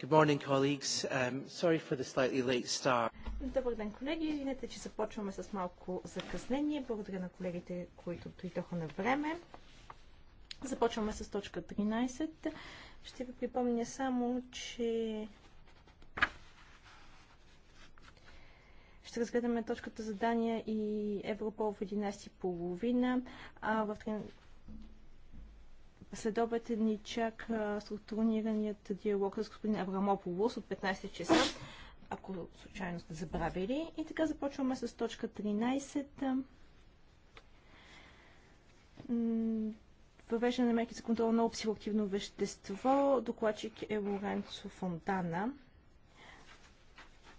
Good morning, colleagues. Um, sorry for the slightly late start. Добър ден, колеги. Извинете, че започваме с малко закъснение. Благодаря на колегите, които дойдоха на време. Започваме с точка 13. Ще ви припомня само, че ще разгледаме точката задания и Европол в 11.30, а в след обед ни чака структурираният диалог с господин Абрамополос от 15 часа, ако случайно сте забравили. И така започваме с точка 13. Въвеждане на мерки за контрол на психоактивно вещество. Докладчик е Лоренцо Фонтана.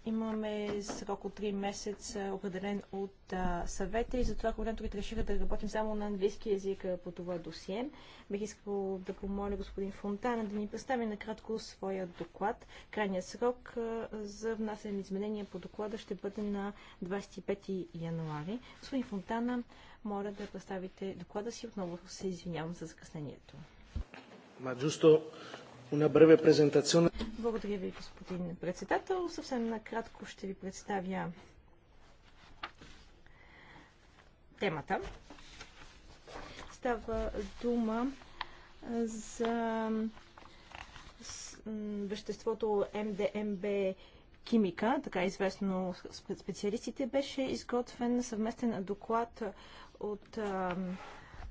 Имаме срок от 3 месеца, определен от а, съвета и затова координаторите решиха да работим само на английски язик по това досие. Бих искал да помоля господин Фонтана да ни представи накратко своя доклад. Крайният срок а, за внасяне изменения по доклада ще бъде на 25 януари. Господин Фонтана, моля да представите доклада си. Отново се извинявам за закъснението. Ма, una breve Благодаря ви, господин председател. Съвсем накратко ще ви представя темата. Става дума за веществото МДМБ химика, така известно специалистите, беше изготвен съвместен доклад от а,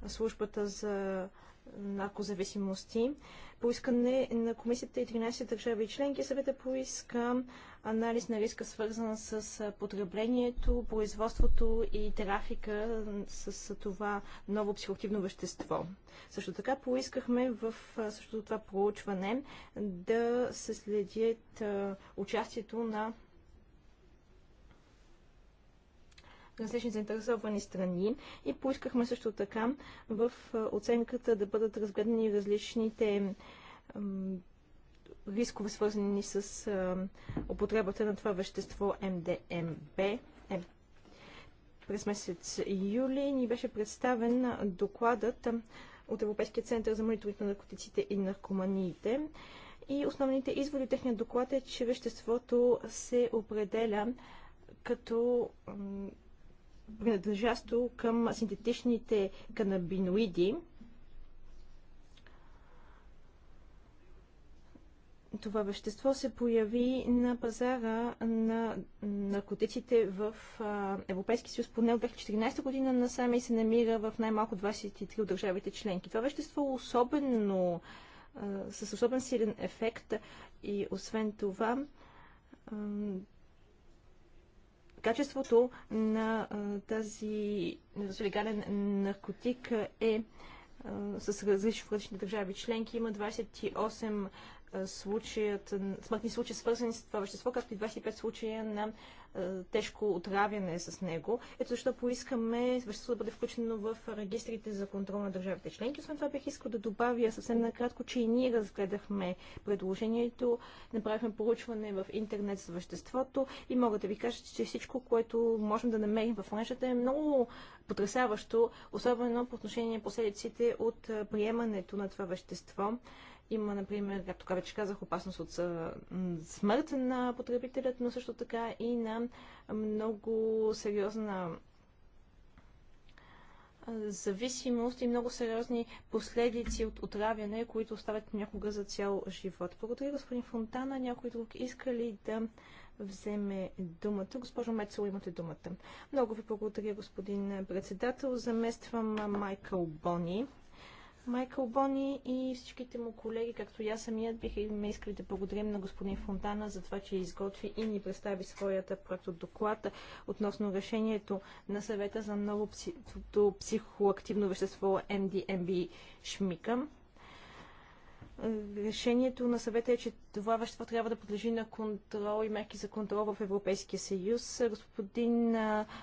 службата за наркозависимости. По искане на комисията и 13 държави и членки, съвета поиска анализ на риска, свързан с потреблението, производството и трафика с това ново психоактивно вещество. Също така поискахме в същото това проучване да се следят участието на различни заинтересовани страни и поискахме също така в оценката да бъдат разгледани различните рискове, свързани с употребата на това вещество МДМБ. Е, през месец юли ни беше представен докладът от Европейския център за мониторинг на наркотиците и наркоманиите. И основните изводи техният техния доклад е, че веществото се определя като принадлежащо към синтетичните канабиноиди. Това вещество се появи на пазара на наркотиците в Европейски съюз поне от 2014 година насам и се намира в най-малко 23 от държавите членки. Това вещество особено с особен силен ефект и освен това качеството на тази легален наркотик е с различни в различни държави членки. Има 28 случаят, смъртни случаи, свързани с това вещество, както и 25 случая на е, тежко отравяне с него. Ето защо поискаме веществото да бъде включено в регистрите за контрол на държавите членки. Освен това бих искал да добавя съвсем накратко, че и ние разгледахме предложението, направихме поручване в интернет за веществото и мога да ви кажа, че всичко, което можем да намерим в мрежата е много потрясаващо, особено по отношение на последиците от е, приемането на това вещество. Има, например, както така вече казах, опасност от смърт на потребителят, но също така и на много сериозна зависимост и много сериозни последици от отравяне, които оставят някога за цял живот. Благодаря, господин Фонтана. Някой друг иска ли да вземе думата? Госпожо Мецело, имате думата. Много ви благодаря, господин председател. Замествам Майкъл Бони. Майкъл Бони и всичките му колеги, както и аз самият, бихме искали да благодарим на господин Фонтана за това, че изготви и ни представи своята проект доклад относно решението на съвета за ново психоактивно вещество MDMB Шмикъм решението на съвета е, че това вещество трябва да подлежи на контрол и мерки за контрол в Европейския съюз. Господин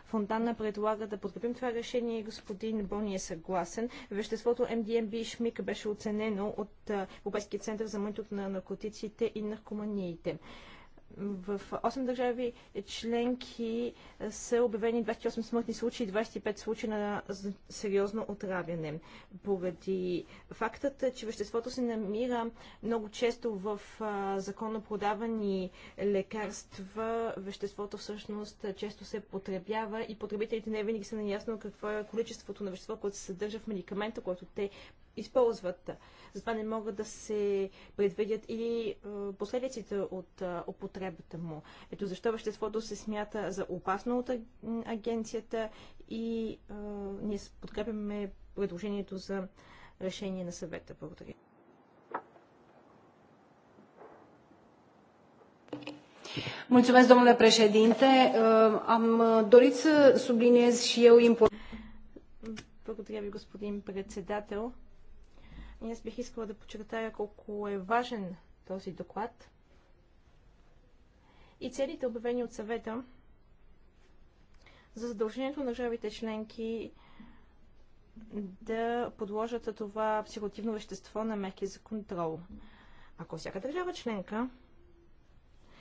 Фонтана предлага да подкрепим това решение и господин Бони е съгласен. Веществото МДМБ и Шмик беше оценено от Европейския център за монитор на наркотиците и наркоманиите. В 8 държави членки са обявени 28 смъртни случаи и 25 случаи на сериозно отравяне. Поради фактът, че веществото се намира много често в законно продавани лекарства, веществото всъщност често се потребява и потребителите не винаги са наясно какво е количеството на вещество, което се съдържа в медикамента, което те използват. Затова не могат да се предвидят и последиците от употребата му. Ето защо веществото се смята за опасно от агенцията и а, ние подкрепяме предложението за решение на съвета. Благодаря. Mulțumesc, domnule președinte. Е, am dorit să subliniez și eu important. Благодаря ви, господин председател. И аз бих искала да подчертая колко е важен този доклад и целите, обявени от съвета за задължението на държавите членки да подложат това психотивно вещество на мерки за контрол. Ако всяка държава членка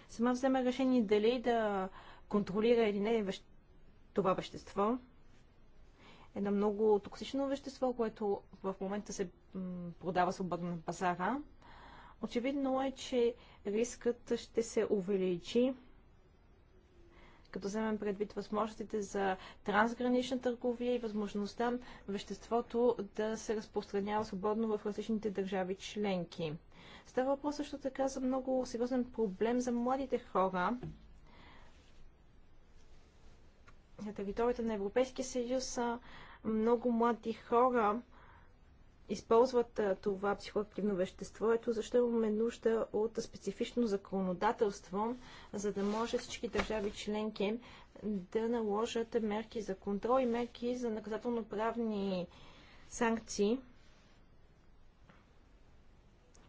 сама взема решение дали да контролира или не това вещество, едно много токсично вещество, което в момента се продава свободно на пазара. Очевидно е, че рискът ще се увеличи, като вземем предвид възможностите за трансгранична търговия и възможността веществото да се разпространява свободно в различните държави членки. Става въпрос също така за много сериозен проблем за младите хора. На територията на Европейския съюз много млади хора използват това психоактивно вещество. Ето защо имаме нужда от специфично законодателство, за да може всички държави членки да наложат мерки за контрол и мерки за наказателно-правни санкции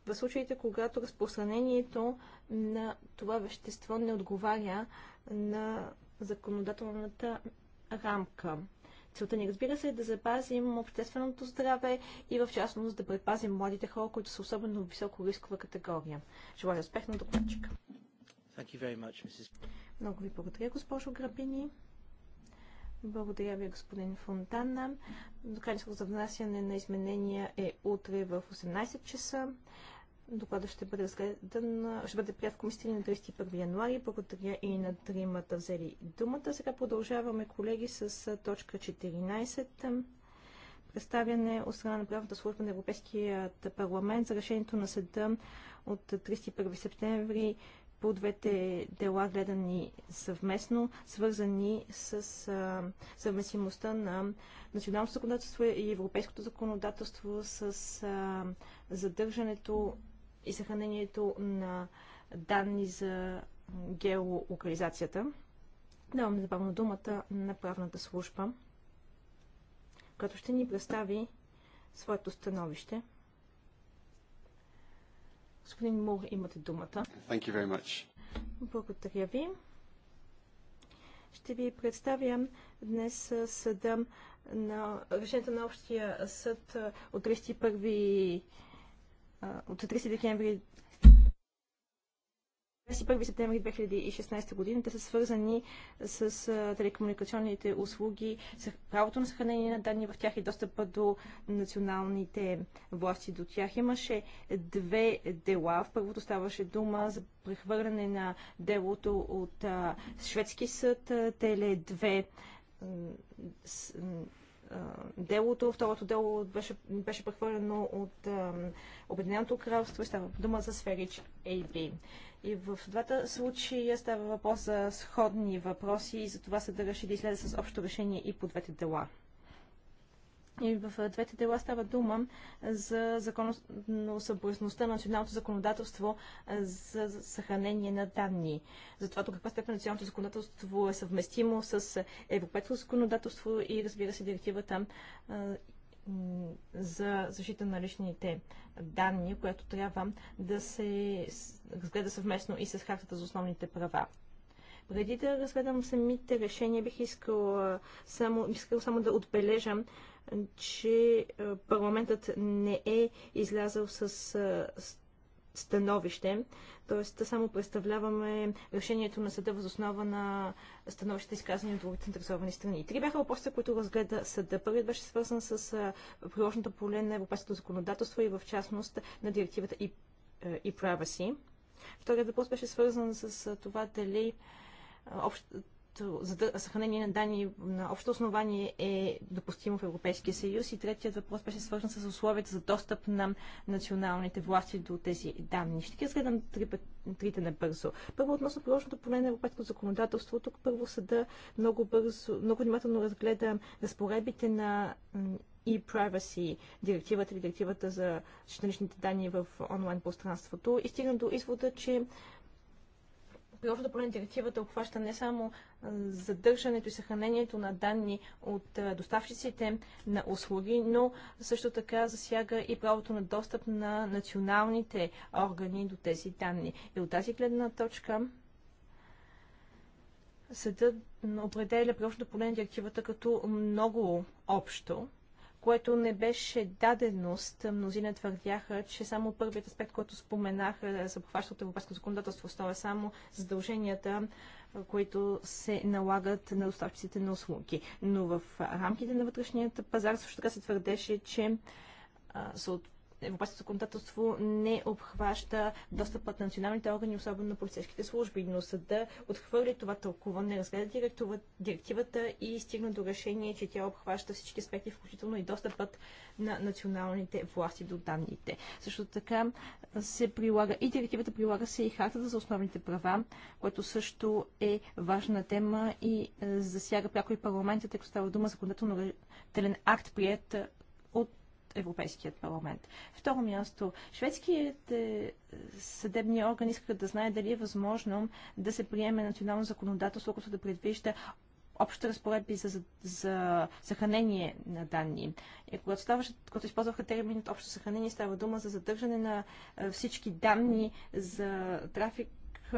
в случаите, когато разпространението на това вещество не отговаря на законодателната рамка. Целта ни, разбира се, е да запазим общественото здраве и в частност да предпазим младите хора, които са особено в високо рискова категория. Желая успех на докладчика. Much, Много ви благодаря, госпожо Грабини. Благодаря ви, господин Фонтана. До за внасяне на изменения е утре в 18 часа. Докладът ще бъде разгледан, ще бъде прият в комисията на 31 януари. Благодаря и на тримата взели думата. Сега продължаваме, колеги, с точка 14 представяне от страна на правната служба на Европейският парламент за решението на съда от 31 септември по двете дела, гледани съвместно, свързани с а, съвместимостта на националното законодателство и европейското законодателство с а, задържането и съхранението на данни за геолокализацията. Давам незабавно думата на правната служба, като ще ни представи своето становище. Господин Мур, имате думата. Thank you very much. Благодаря ви. Ще ви представя днес съда на решението на Общия съд от 31 от 30 декември 21 септември 2016 година. Те са свързани с телекомуникационните услуги, с правото на съхранение на данни в тях и достъпа до националните власти до тях. Имаше две дела. В първото ставаше дума за прехвърляне на делото от шведски съд Теле 2 е, делото. Второто дело беше, беше прехвърлено от е, Обединеното кралство и става дума за сферич AB. И в двата случая става въпрос за сходни въпроси и за това да реши да излезе с общо решение и по двете дела. И в двете дела става дума за законосъобразността на националното законодателство за съхранение на данни. За това до каква степен националното законодателство е съвместимо с европейското законодателство и разбира се директивата за защита на личните данни, която трябва да се разгледа съвместно и с хартата за основните права. Преди да разгледам самите решения, бих искал само, искал само да отбележам, че парламентът не е излязъл с становище, т.е. само представляваме решението на съда въз основа на становище, изказани от другите заинтересовани страни. Три бяха въпроса, които разгледа съда. Първият беше свързан с приложното поле на европейското законодателство и в частност на директивата и, и права си. Вторият въпрос беше свързан с това дали общ, като съхранение на данни на общо основание е допустимо в Европейския съюз. И третият въпрос беше свързан с условията за достъп на националните власти до тези данни. Ще ги разгледам три път, трите набързо. Първо, относно приложното поле на европейското законодателство, тук първо съда много бързо, много внимателно разгледа разпоредбите на и privacy директивата или директивата за личните данни в онлайн пространството и стигна до извода, че Приложното поле на директивата обхваща не само задържането и съхранението на данни от доставчиците на услуги, но също така засяга и правото на достъп на националните органи до тези данни. И от тази гледна точка съдът определя приложното поле на директивата като много общо което не беше даденост. Мнозина твърдяха, че само първият аспект, който споменах, се обхваща от европейското законодателство, става само задълженията, които се налагат на доставчиците на услуги. Но в рамките на вътрешният пазар също така се твърдеше, че европейското законодателство не обхваща достъпът на националните органи, особено на полицейските служби, но съда отхвърли това тълкуване, разгледа директивата и стигна до решение, че тя обхваща всички аспекти, включително и достъпът на националните власти до данните. Също така се прилага и директивата прилага се и хартата за основните права, което също е важна тема и е, засяга пряко и парламента, тъй като става дума законодателно акт, прият Европейският парламент. Второ място, шведските съдебни органи искат да знае дали е възможно да се приеме национално законодателство, което да предвижда общи разпоредби за, за, за съхранение на данни. И когато, ставаше, когато използваха терминът общо съхранение, става дума за задържане на е, всички данни за трафик е,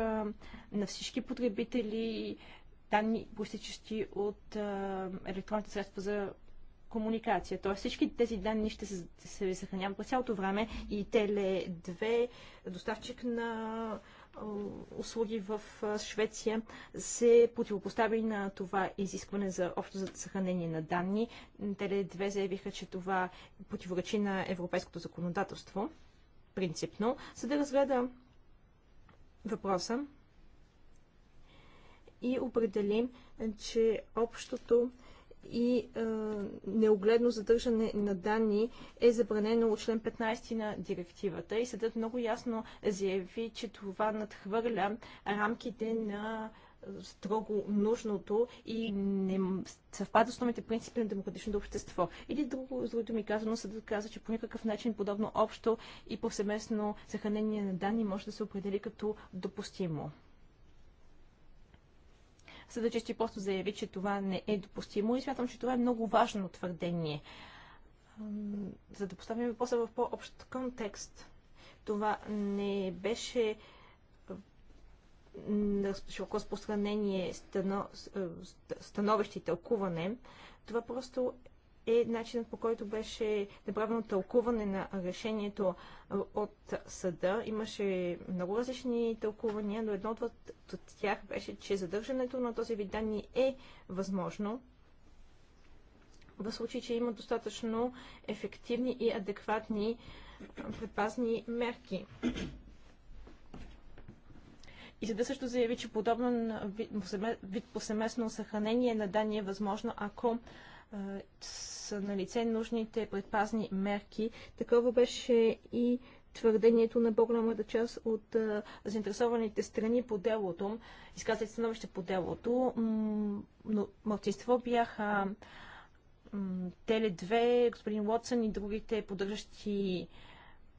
на всички потребители, данни, постичащи от е, електронните средства за комуникация. Тоест всички тези данни ще се, се съхраняват по цялото време и Теле 2, доставчик на услуги в Швеция се противопостави на това изискване за общо съхранение на данни. Теле 2 заявиха, че това противоречи на европейското законодателство, принципно, за да разгледа въпроса и определим, че общото и е, неогледно задържане на данни е забранено от член 15 на директивата и съдът много ясно заяви, че това надхвърля рамките на е, строго нужното и не съвпада с основните принципи на демократичното общество. Или друго, с другото ми казано, съдът каза, че по никакъв начин подобно общо и повсеместно съхранение на данни може да се определи като допустимо. Съда чести просто заяви, че това не е допустимо и смятам, че това е много важно твърдение. За да поставим въпроса в по-общ контекст, това не беше широко разпространение становище и тълкуване. Това просто е начинът по който беше направено тълкуване на решението от съда. Имаше много различни тълкувания, но едно от тях беше, че задържането на този вид данни е възможно в случай, че има достатъчно ефективни и адекватни предпазни мерки. И съда също заяви, че подобен вид повсеместно съхранение на данни е възможно, ако са лице нужните предпазни мерки. Такова беше и твърдението на по-голямата част от а, заинтересованите страни по делото, изказали становище по делото, но мълчинство бяха Теле 2, господин Уотсън и другите поддържащи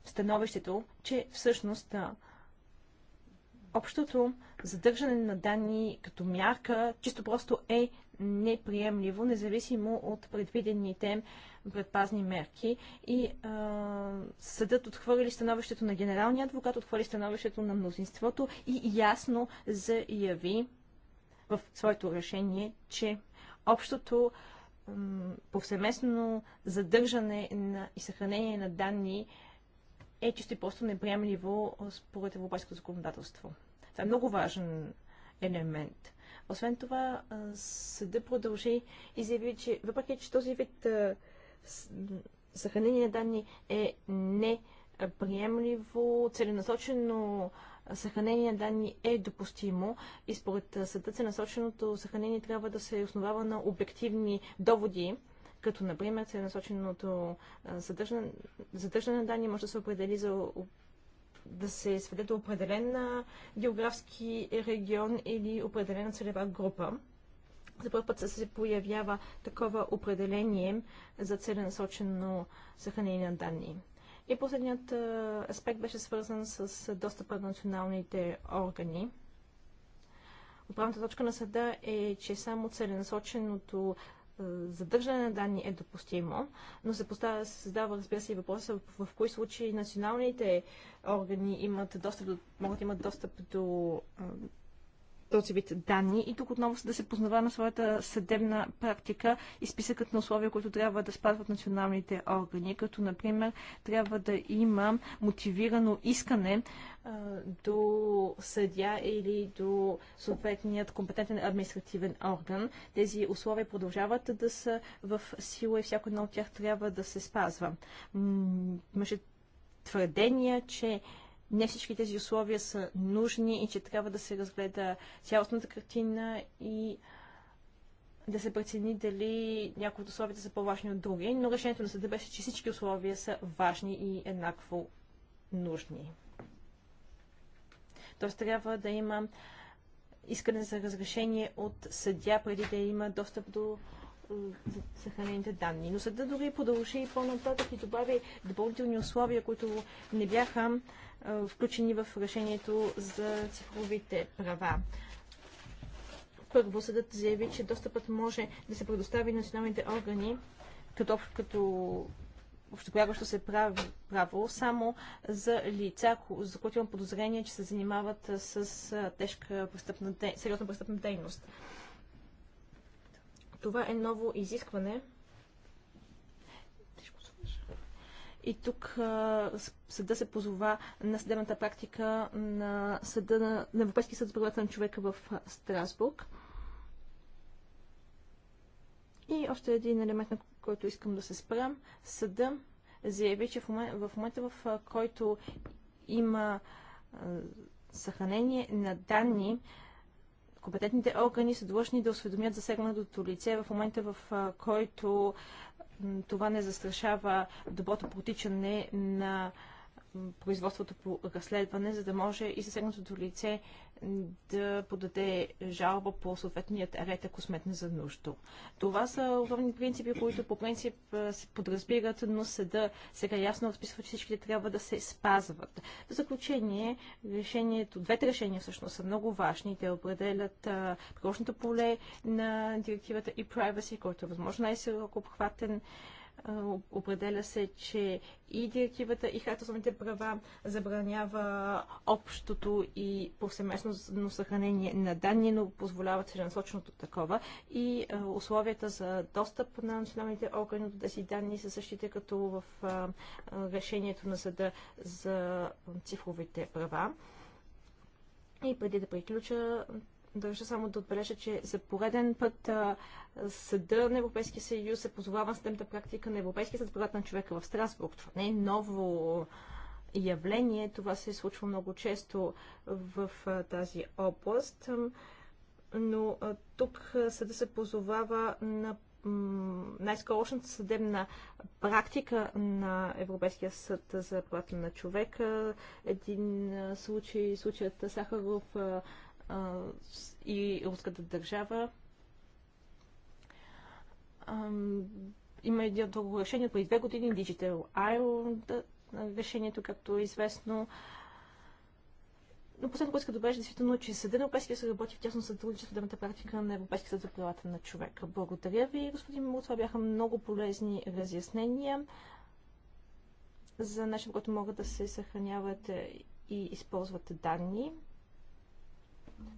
становището, че всъщност а, общото задържане на данни като мярка чисто просто е неприемливо, независимо от предвидените предпазни мерки. И а, съдът отхвърли становището на генералния адвокат, отхвърли становището на мнозинството и ясно заяви в своето решение, че общото повсеместно задържане на и съхранение на данни е чисто и просто неприемливо според европейското законодателство. Това е много важен елемент. Освен това, съда продължи и заяви, че въпреки, че този вид съхранение на данни е неприемливо, целенасочено съхранение на данни е допустимо и според съда целенасоченото съхранение трябва да се основава на обективни доводи, като например целенасоченото задържане, задържане на данни може да се определи за да се сведе до определен географски регион или определена целева група. За първ път се появява такова определение за целенасочено съхранение на данни. И последният аспект беше свързан с достъпа на националните органи. Управната точка на съда е, че само целенасоченото е, задържане на данни е допустимо, но се поставя, се създава, разбира се, и въпроса в, в кои случаи националните органи имат достъп могат да имат достъп до е, този вид данни и тук отново да се познава на своята съдебна практика и списъкът на условия, които трябва да спазват националните органи, като например трябва да има мотивирано искане а, до съдя или до съответният компетентен административен орган. Тези условия продължават да са в сила и всяко едно от тях трябва да се спазва. Имаше твърдения, че не всички тези условия са нужни и че трябва да се разгледа цялостната картина и да се прецени дали някои от условията са по-важни от други, но решението на съда беше, че всички условия са важни и еднакво нужни. Тоест трябва да има искане за разрешение от съдя, преди да има достъп до съхранените данни. Но съда дори продължи и по-нататък и добави допълнителни условия, които не бяха включени в решението за цифровите права. Първо, съдът заяви, че достъпът може да се предостави на националните органи като, като общопрягащо се право, право само за лица, за които имам подозрение, че се занимават с тежка престъпна, сериозна престъпна дейност. Това е ново изискване, И тук съда се позова на съдебната практика на, съда, на, на Европейския съд за правата на човека в Страсбург. И още един елемент, на който искам да се спрям. Съда заяви, че в момента, в, момента, в който има съхранение на данни, компетентните органи са длъжни да осведомят засегнатото лице в момента, в който това не застрашава доброто протичане на производството по разследване, за да може и засегнатото лице да подаде жалба по съответният ред, ако сметне за нужда. Това са основни принципи, които по принцип се подразбират, но съда сега ясно отписва, че всички трябва да се спазват. В заключение, решението, двете решения всъщност са много важни. Те определят прочното поле на директивата и privacy, който е възможно най-сироко обхватен Определя се, че и директивата, и хартозомните права забранява общото и повсеместно съхранение на данни, но позволява целенасоченото такова. И условията за достъп на националните органи до тези данни са същите като в решението на съда за цифровите права. И преди да приключа, Държа само да отбележа, че за пореден път а, съда на Европейския съюз се позовава на съдебната практика на Европейския съд правата на човека в Страсбург. Това не е ново явление. Това се случва много често в а, тази област. Но а, тук съда се позовава на най-скорошната съдебна практика на Европейския съд за правата на човека. Един случай, случаят Сахаров и руската държава. Има един друго решение преди две години, Digital Island решението, както е известно. Но последното, което иска да беше, действително, е, че Съда на Европейския съюз работи в тясно сътрудничество с практика на Европейския съд за правата на човека. Благодаря ви, господин Мур. Това бяха много полезни разяснения за начин, който могат да се съхраняват и използват данни.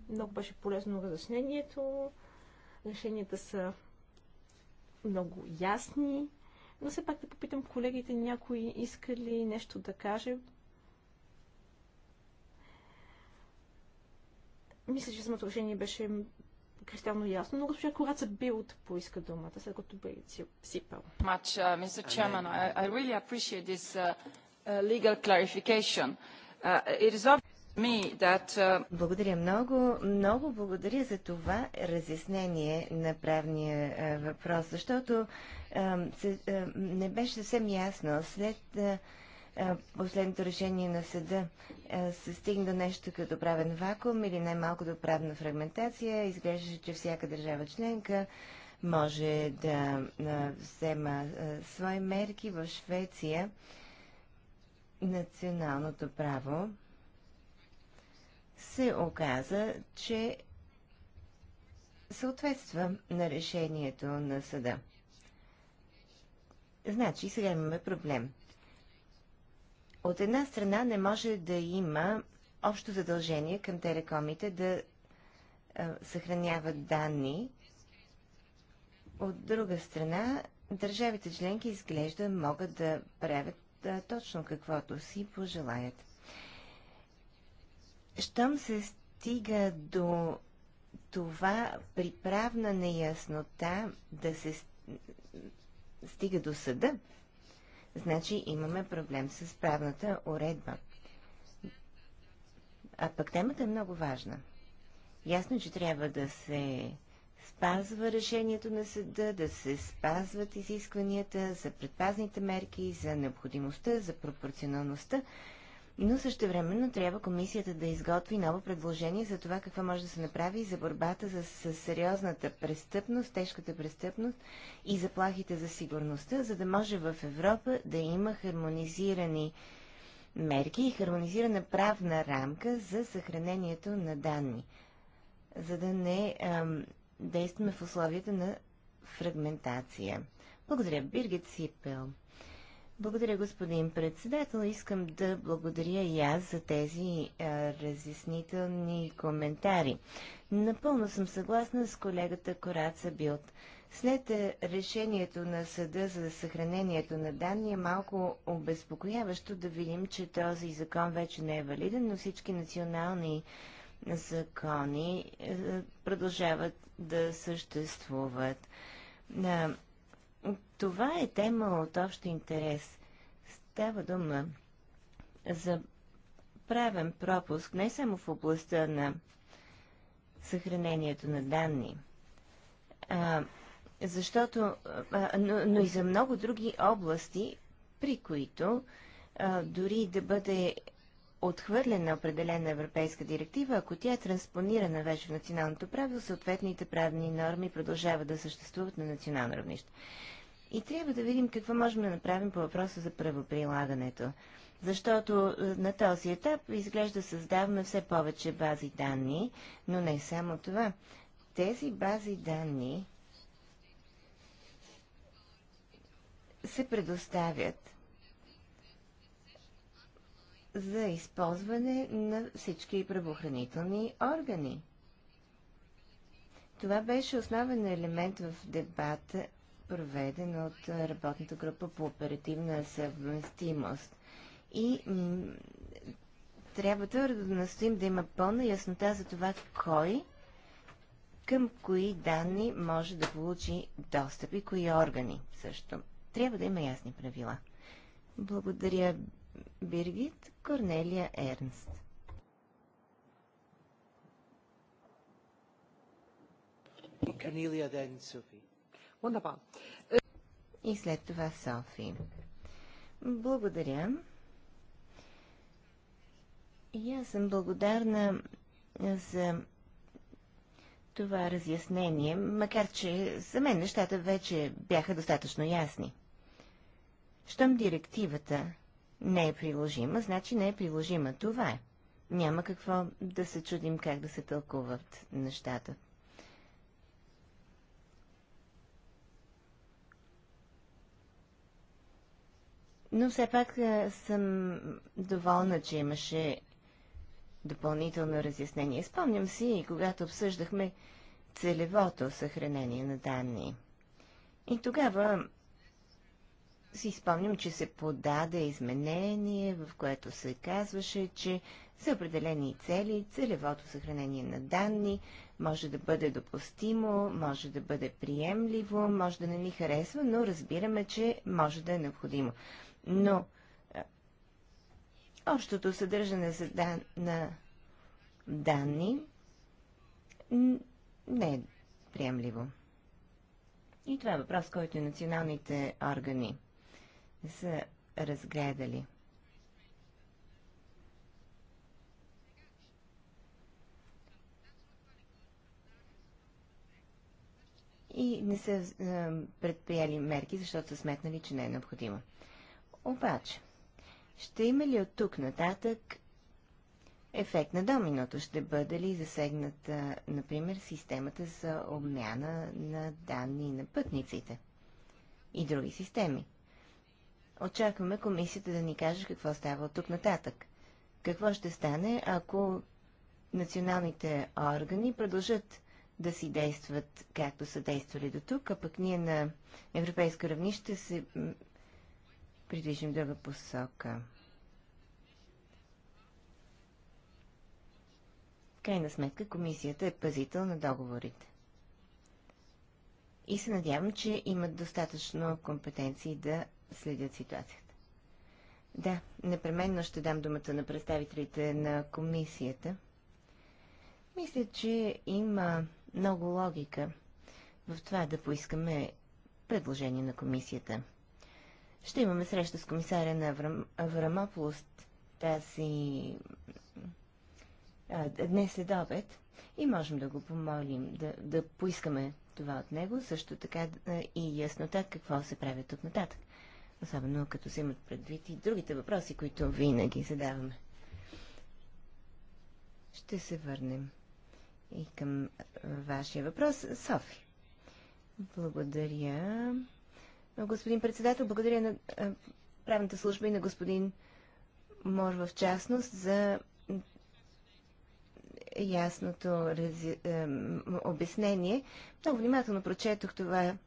Много беше полезно разяснението. Решенията са много ясни. Но все пак да попитам колегите, някой иска ли нещо да каже. Мисля, че самото решение беше кристално ясно, но госпожа Кораца да поиска думата, след като бе сипал. Much, uh, Mr. Chairman, I, I really appreciate this uh, uh legal clarification. Uh, it is obvious Uh, благодаря много. Много благодаря за това разяснение на правния въпрос, защото не беше съвсем ясно. След последното решение на съда се стигна до нещо като правен вакуум или най-малко до правна фрагментация. Изглеждаше, че всяка държава членка може да взема свои мерки в Швеция националното право се оказа, че съответства на решението на съда. Значи, сега имаме проблем. От една страна не може да има общо задължение към телекомите да а, съхраняват данни. От друга страна, държавите членки изглежда могат да правят а, точно каквото си пожелаят щом се стига до това при правна неяснота да се стига до съда, значи имаме проблем с правната уредба. А пък темата е много важна. Ясно, че трябва да се спазва решението на съда, да се спазват изискванията за предпазните мерки, за необходимостта, за пропорционалността, но също времено трябва комисията да изготви ново предложение за това какво може да се направи за борбата с, с сериозната престъпност, тежката престъпност и заплахите за сигурността, за да може в Европа да има хармонизирани мерки и хармонизирана правна рамка за съхранението на данни, за да не ам, действаме в условията на фрагментация. Благодаря, Биргет Сипел. Благодаря, господин председател. Искам да благодаря и аз за тези а, разяснителни коментари. Напълно съм съгласна с колегата Кораца Билт. След решението на съда за съхранението на данни е малко обезпокояващо да видим, че този закон вече не е валиден, но всички национални закони продължават да съществуват. Това е тема от общ интерес. Става дума за правен пропуск не само в областта на съхранението на данни, а, защото, а, но, но и за много други области, при които а, дори да бъде отхвърлена определена европейска директива, ако тя е транспонирана вече в националното право, съответните правни норми продължават да съществуват на национално равнище. И трябва да видим какво можем да направим по въпроса за правоприлагането. Защото е, на този етап изглежда създаваме все повече бази данни, но не само това. Тези бази данни се предоставят за използване на всички правоохранителни органи. Това беше основен елемент в дебата, проведен от работната група по оперативна съвместимост. И трябва твърдо да настоим да има пълна яснота за това кой към кои данни може да получи достъп и кои органи също. Трябва да има ясни правила. Благодаря, Биргит Корнелия Ернст. Софи. И след това Софи. Благодаря. И аз съм благодарна за това разяснение, макар че за мен нещата вече бяха достатъчно ясни. Щом директивата не е приложима, значи не е приложима. Това е. Няма какво да се чудим как да се тълкуват нещата. Но все пак съм доволна, че имаше допълнително разяснение. Спомням си и когато обсъждахме целевото съхранение на данни. И тогава си спомням, че се подаде изменение, в което се казваше, че за определени цели целевото съхранение на данни може да бъде допустимо, може да бъде приемливо, може да не ни харесва, но разбираме, че може да е необходимо. Но общото съдържане за дан... на данни не е приемливо. И това е въпрос, който и националните органи са разгледали. И не са е, предприели мерки, защото са сметнали, че не е необходимо. Обаче, ще има ли от тук нататък ефект на доминото? Ще бъде ли засегната, например, системата за обмяна на данни на пътниците и други системи? Очакваме комисията да ни каже какво става от тук нататък. Какво ще стане, ако националните органи продължат да си действат както са действали до тук, а пък ние на европейско равнище се придвижим друга посока. В крайна сметка комисията е пазител на договорите. И се надявам, че имат достатъчно компетенции да следят ситуацията. Да, непременно ще дам думата на представителите на комисията. Мисля, че има много логика в това да поискаме предложение на комисията. Ще имаме среща с комисаря на Аврам... Аврамополос тази а, днес след обед и можем да го помолим да, да поискаме това от него, също така и яснота какво се прави тук нататък особено като се имат предвид и другите въпроси, които винаги задаваме. Ще се върнем и към вашия въпрос. Софи. Благодаря. Господин председател, благодаря на правната служба и на господин Мор в частност за ясното обяснение. Много внимателно прочетох това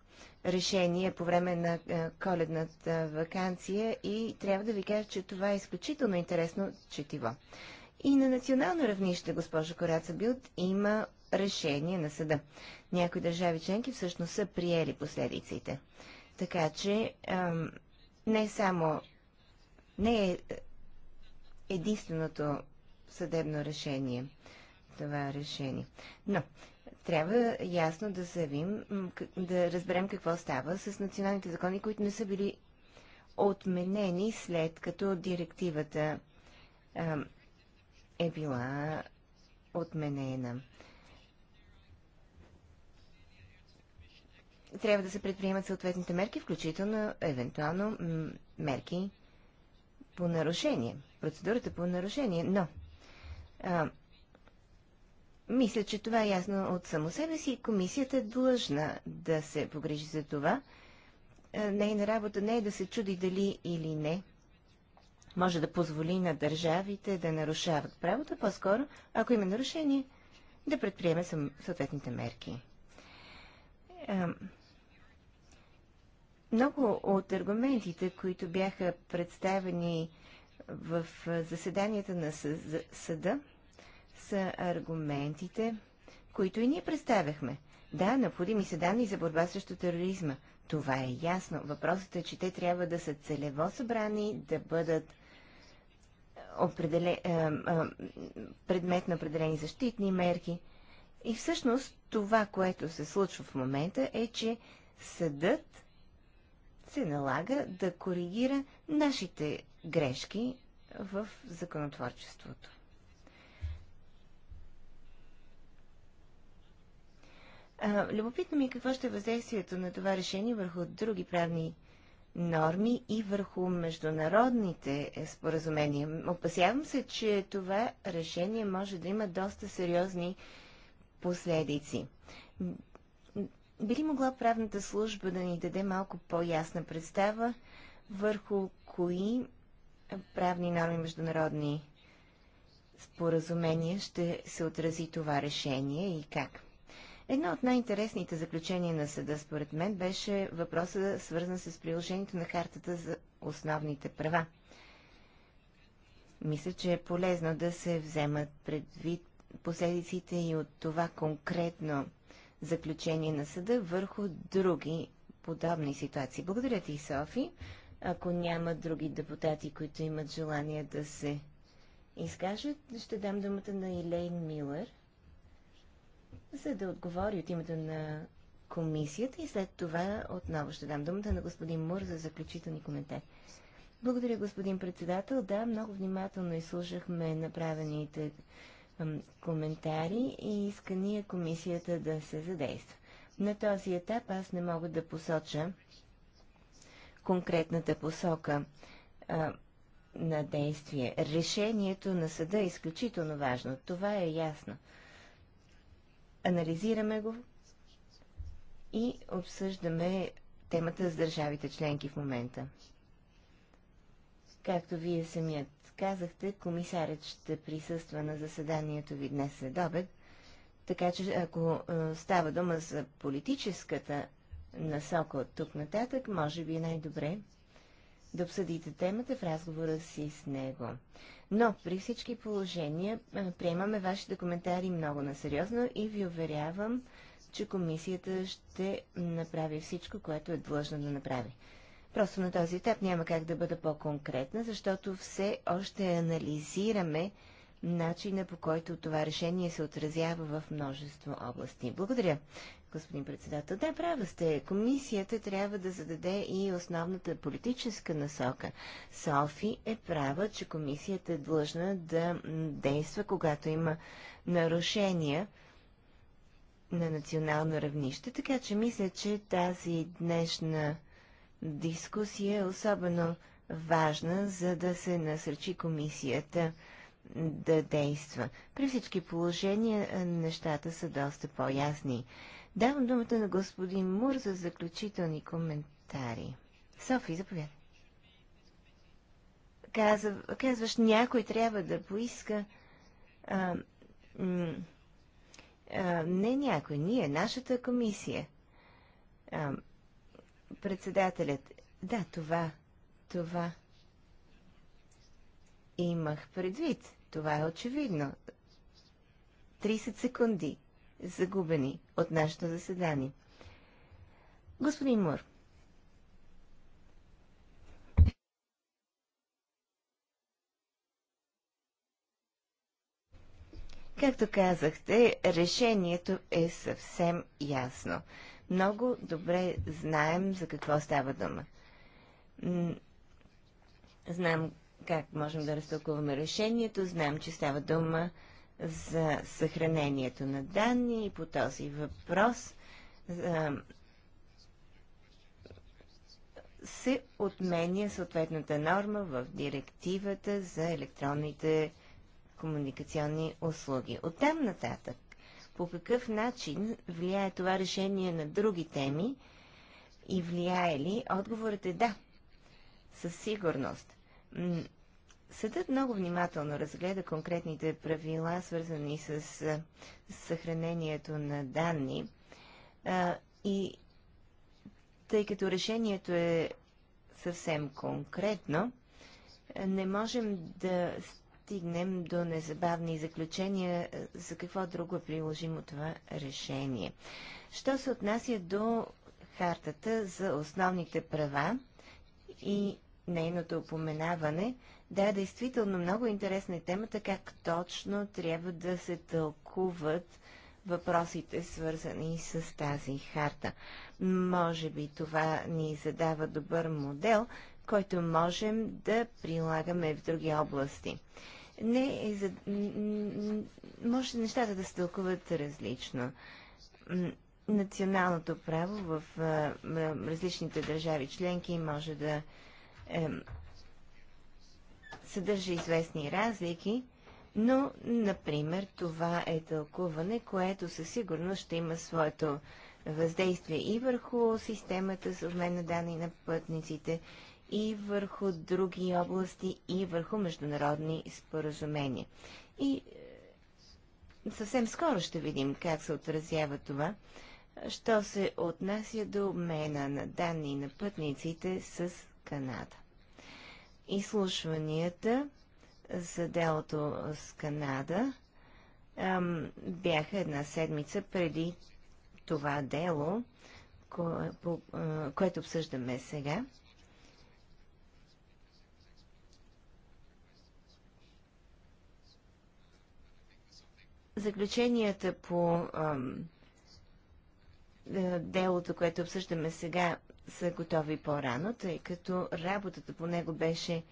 решение по време на е, коледната вакансия и трябва да ви кажа, че това е изключително интересно четиво. И на национално равнище, госпожа Кораца Билт, има решение на съда. Някои държави членки всъщност са приели последиците. Така че ам, не само не е единственото съдебно решение това решение. Но трябва ясно да заявим, да разберем какво става с националните закони, които не са били отменени след като директивата е била отменена. Трябва да се предприемат съответните мерки, включително евентуално мерки по нарушение. Процедурата по нарушение, но а, мисля, че това е ясно от само себе си и комисията е длъжна да се погрижи за това. Е, нейна работа не е да се чуди дали или не. Може да позволи на държавите да нарушават правото, по-скоро, ако има нарушение, да предприеме съответните мерки. Е, много от аргументите, които бяха представени в е, заседанията на съда, са аргументите, които и ние представяхме. Да, необходими са данни за борба срещу тероризма. Това е ясно. Въпросът е, че те трябва да са целево събрани, да бъдат е, определе, а, е, е, предмет на определени защитни мерки. И всъщност това, което се случва в момента е, че съдът се налага да коригира нашите грешки в законотворчеството. А, любопитно ми е какво ще е въздействието на това решение върху други правни норми и върху международните е, споразумения. Опасявам се, че това решение може да има доста сериозни последици. Би ли могла правната служба да ни даде малко по-ясна представа върху кои правни норми международни споразумения ще се отрази това решение и как? Едно от най-интересните заключения на съда, според мен, беше въпроса, свързан с приложението на хартата за основните права. Мисля, че е полезно да се вземат предвид последиците и от това конкретно заключение на съда върху други подобни ситуации. Благодаря ти, Софи. Ако няма други депутати, които имат желание да се изкажат, ще дам думата на Елейн Милър за да отговори от името на комисията и след това отново ще дам думата на господин Мур за заключителни коментари. Благодаря, господин председател. Да, много внимателно изслушахме направените коментари и искания комисията да се задейства. На този етап аз не мога да посоча конкретната посока а, на действие. Решението на съда е изключително важно. Това е ясно анализираме го и обсъждаме темата с държавите членки в момента. Както вие самият казахте, комисарят ще присъства на заседанието ви днес след обед, така че ако става дума за политическата насока от тук нататък, може би е най-добре да обсъдите темата в разговора си с него. Но при всички положения приемаме вашите коментари много насериозно и ви уверявам, че комисията ще направи всичко, което е длъжна да направи. Просто на този етап няма как да бъда по-конкретна, защото все още анализираме начина по който това решение се отразява в множество области. Благодаря господин председател. Да, права сте. Комисията трябва да зададе и основната политическа насока. Софи е права, че комисията е длъжна да действа, когато има нарушения на национално равнище. Така че мисля, че тази днешна дискусия е особено важна, за да се насръчи комисията да действа. При всички положения нещата са доста по-ясни. Давам думата на господин Мур за заключителни коментари. Софи, заповядай. Казва, казваш, някой трябва да поиска. А, а, не някой, ние, нашата комисия. А, председателят, да, това, това имах предвид. Това е очевидно. 30 секунди загубени от нашето заседание. Господин Мур. Както казахте, решението е съвсем ясно. Много добре знаем за какво става дума. Знам как можем да разтълкуваме решението, знам, че става дума за съхранението на данни и по този въпрос а, се отменя съответната норма в директивата за електронните комуникационни услуги. Оттам нататък, по какъв начин влияе това решение на други теми и влияе ли? Отговорът е да, със сигурност. Съдът много внимателно разгледа конкретните правила, свързани с съхранението на данни. и тъй като решението е съвсем конкретно, не можем да стигнем до незабавни заключения за какво друго е приложимо това решение. Що се отнася до хартата за основните права и нейното упоменаване – да, действително много интересна е темата как точно трябва да се тълкуват въпросите, свързани с тази харта. Може би това ни задава добър модел, който можем да прилагаме в други области. Не, е за... може нещата да се тълкуват различно. Националното право в различните държави членки може да съдържа известни разлики, но, например, това е тълкуване, което със сигурност ще има своето въздействие и върху системата за обмен на данни на пътниците, и върху други области, и върху международни споразумения. И е, съвсем скоро ще видим как се отразява това, що се отнася до обмена на данни на пътниците с Канада изслушванията за делото с Канада ам, бяха една седмица преди това дело, кое, по, а, което обсъждаме сега. Заключенията по ам, делото, което обсъждаме сега, са готови по-рано, тъй като работата по него беше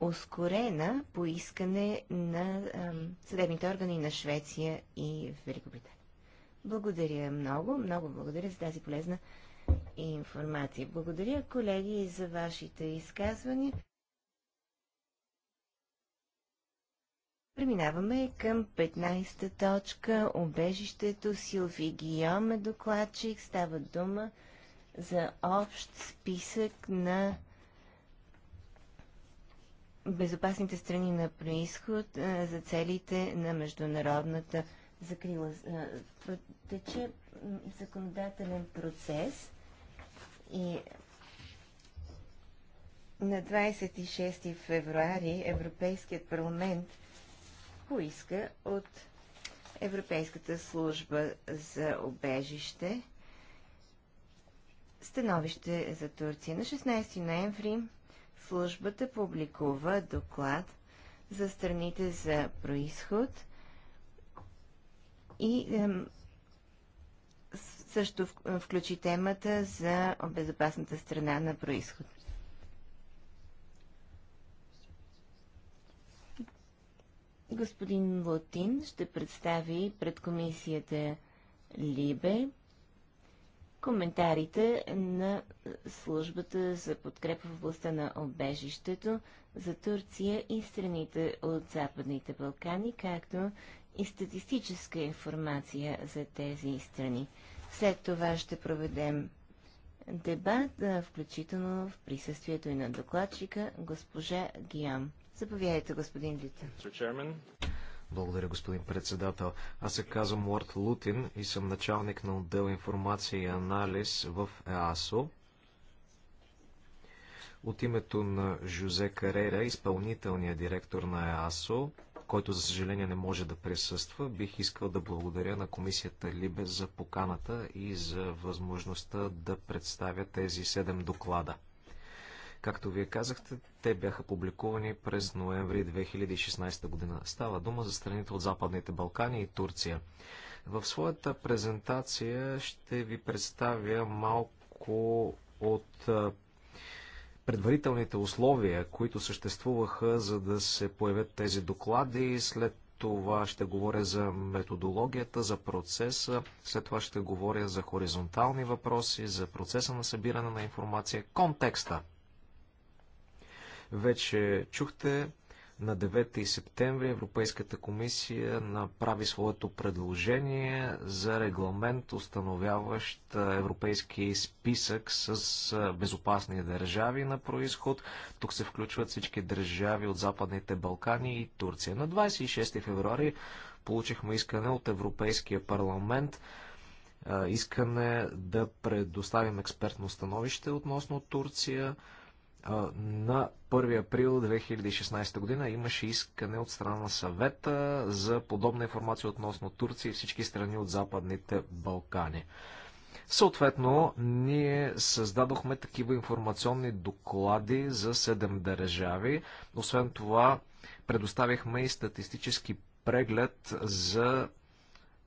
ускорена по искане на а, съдебните органи на Швеция и Великобритания. Благодаря много, много благодаря за тази полезна информация. Благодаря, колеги, за вашите изказвания. Преминаваме към 15-та точка. Обежището Силви Гиом е докладчик. Става дума за общ списък на безопасните страни на происход за целите на международната закрила. Тече законодателен процес и на 26 февруари Европейският парламент поиска от Европейската служба за обежище – Становище за Турция. На 16 ноември службата публикува доклад за страните за происход и ем, също включи темата за безопасната страна на происход. Господин Лотин ще представи пред комисията Либе коментарите на службата за подкрепа в областта на обежището за Турция и страните от Западните Балкани, както и статистическа информация за тези страни. След това ще проведем дебат, включително в присъствието и на докладчика госпожа Гиам. Заповядайте, господин Дита. Благодаря, господин председател. Аз се казвам Уорд Лутин и съм началник на отдел информация и анализ в ЕАСО. От името на Жозе Карера, изпълнителният директор на ЕАСО, който за съжаление не може да присъства, бих искал да благодаря на комисията Либе за поканата и за възможността да представя тези седем доклада. Както вие казахте, те бяха публикувани през ноември 2016 година. Става дума за страните от Западните Балкани и Турция. В своята презентация ще ви представя малко от предварителните условия, които съществуваха, за да се появят тези доклади. След това ще говоря за методологията, за процеса, след това ще говоря за хоризонтални въпроси, за процеса на събиране на информация, контекста вече чухте, на 9 септември Европейската комисия направи своето предложение за регламент, установяващ европейски списък с безопасни държави на происход. Тук се включват всички държави от Западните Балкани и Турция. На 26 февруари получихме искане от Европейския парламент искане да предоставим експертно становище относно Турция на 1 април 2016 година имаше искане от страна на съвета за подобна информация относно Турция и всички страни от Западните Балкани. Съответно, ние създадохме такива информационни доклади за 7 държави. Освен това, предоставихме и статистически преглед за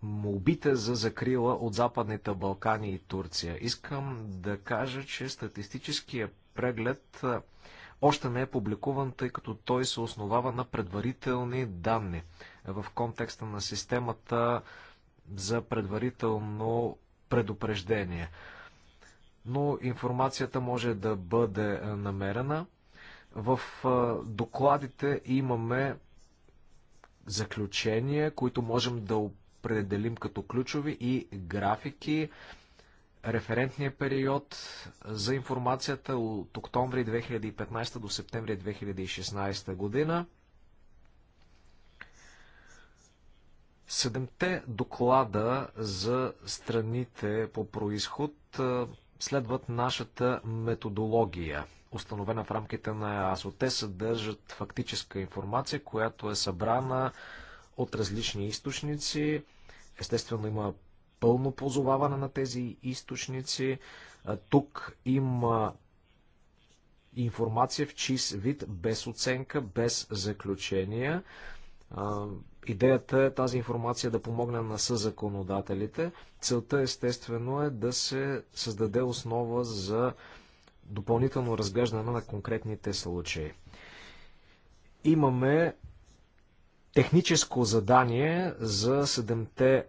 молбите за закрила от Западните Балкани и Турция. Искам да кажа, че статистическия преглед още не е публикуван, тъй като той се основава на предварителни данни в контекста на системата за предварително предупреждение. Но информацията може да бъде намерена. В докладите имаме заключения, които можем да определим като ключови и графики, референтния период за информацията от октомври 2015 до септември 2016 година. Седемте доклада за страните по происход следват нашата методология, установена в рамките на АСО. Те съдържат фактическа информация, която е събрана от различни източници. Естествено има пълно позоваване на тези източници. Тук има информация в чист вид, без оценка, без заключения. Идеята е тази информация да помогне на съзаконодателите. Целта естествено е да се създаде основа за допълнително разглеждане на конкретните случаи. Имаме техническо задание за седемте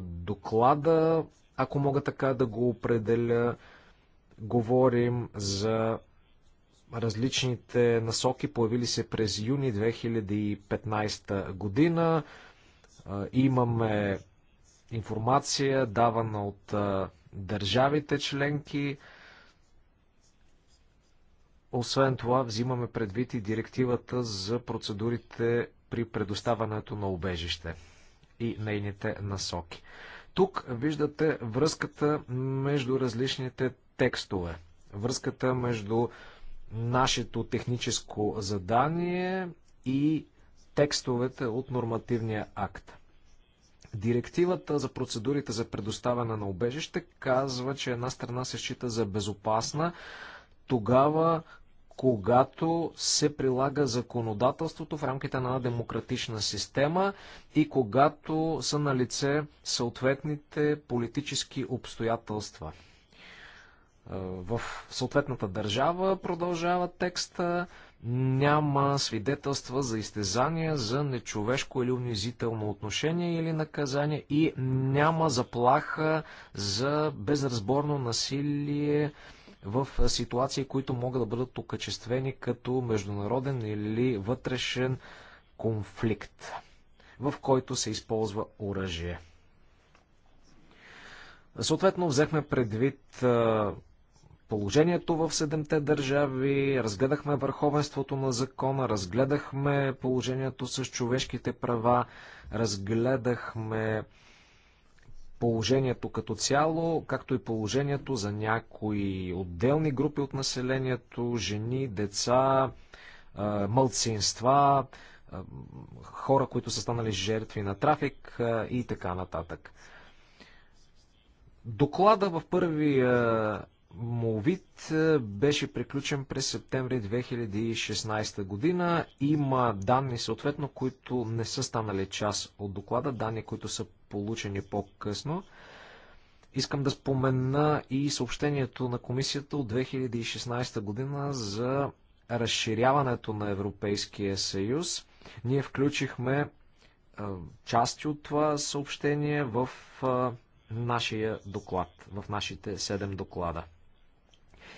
доклада, ако мога така да го определя, говорим за различните насоки, появили се през юни 2015 година. Имаме информация, давана от държавите членки. Освен това, взимаме предвид и директивата за процедурите при предоставянето на убежище и нейните насоки. Тук виждате връзката между различните текстове. Връзката между нашето техническо задание и текстовете от нормативния акт. Директивата за процедурите за предоставяне на убежище казва, че една страна се счита за безопасна тогава, когато се прилага законодателството в рамките на демократична система и когато са на лице съответните политически обстоятелства. Е, в съответната държава продължава текста, няма свидетелства за изтезания, за нечовешко или унизително отношение или наказание и няма заплаха за безразборно насилие, в ситуации, които могат да бъдат окачествени като международен или вътрешен конфликт, в който се използва оръжие. Съответно, взехме предвид положението в седемте държави, разгледахме върховенството на закона, разгледахме положението с човешките права, разгледахме положението като цяло, както и положението за някои отделни групи от населението, жени, деца, мълцинства, хора, които са станали жертви на трафик и така нататък. Доклада в първия Молвит е, беше приключен през септември 2016 година. Има данни, съответно, които не са станали част от доклада, данни, които са получени по-късно. Искам да спомена и съобщението на комисията от 2016 година за разширяването на Европейския съюз. Ние включихме е, части от това съобщение в е, нашия доклад, в нашите седем доклада.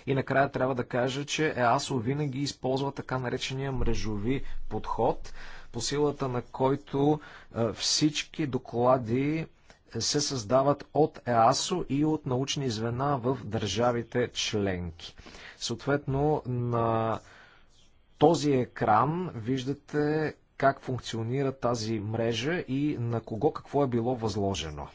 И накрая трябва да кажа, че ЕАСО винаги използва така наречения мрежови подход, по силата на който е, всички доклади е, се създават от ЕАСО и от научни звена в държавите членки. Съответно, на този екран виждате как функционира тази мрежа и на кого какво е било възложено.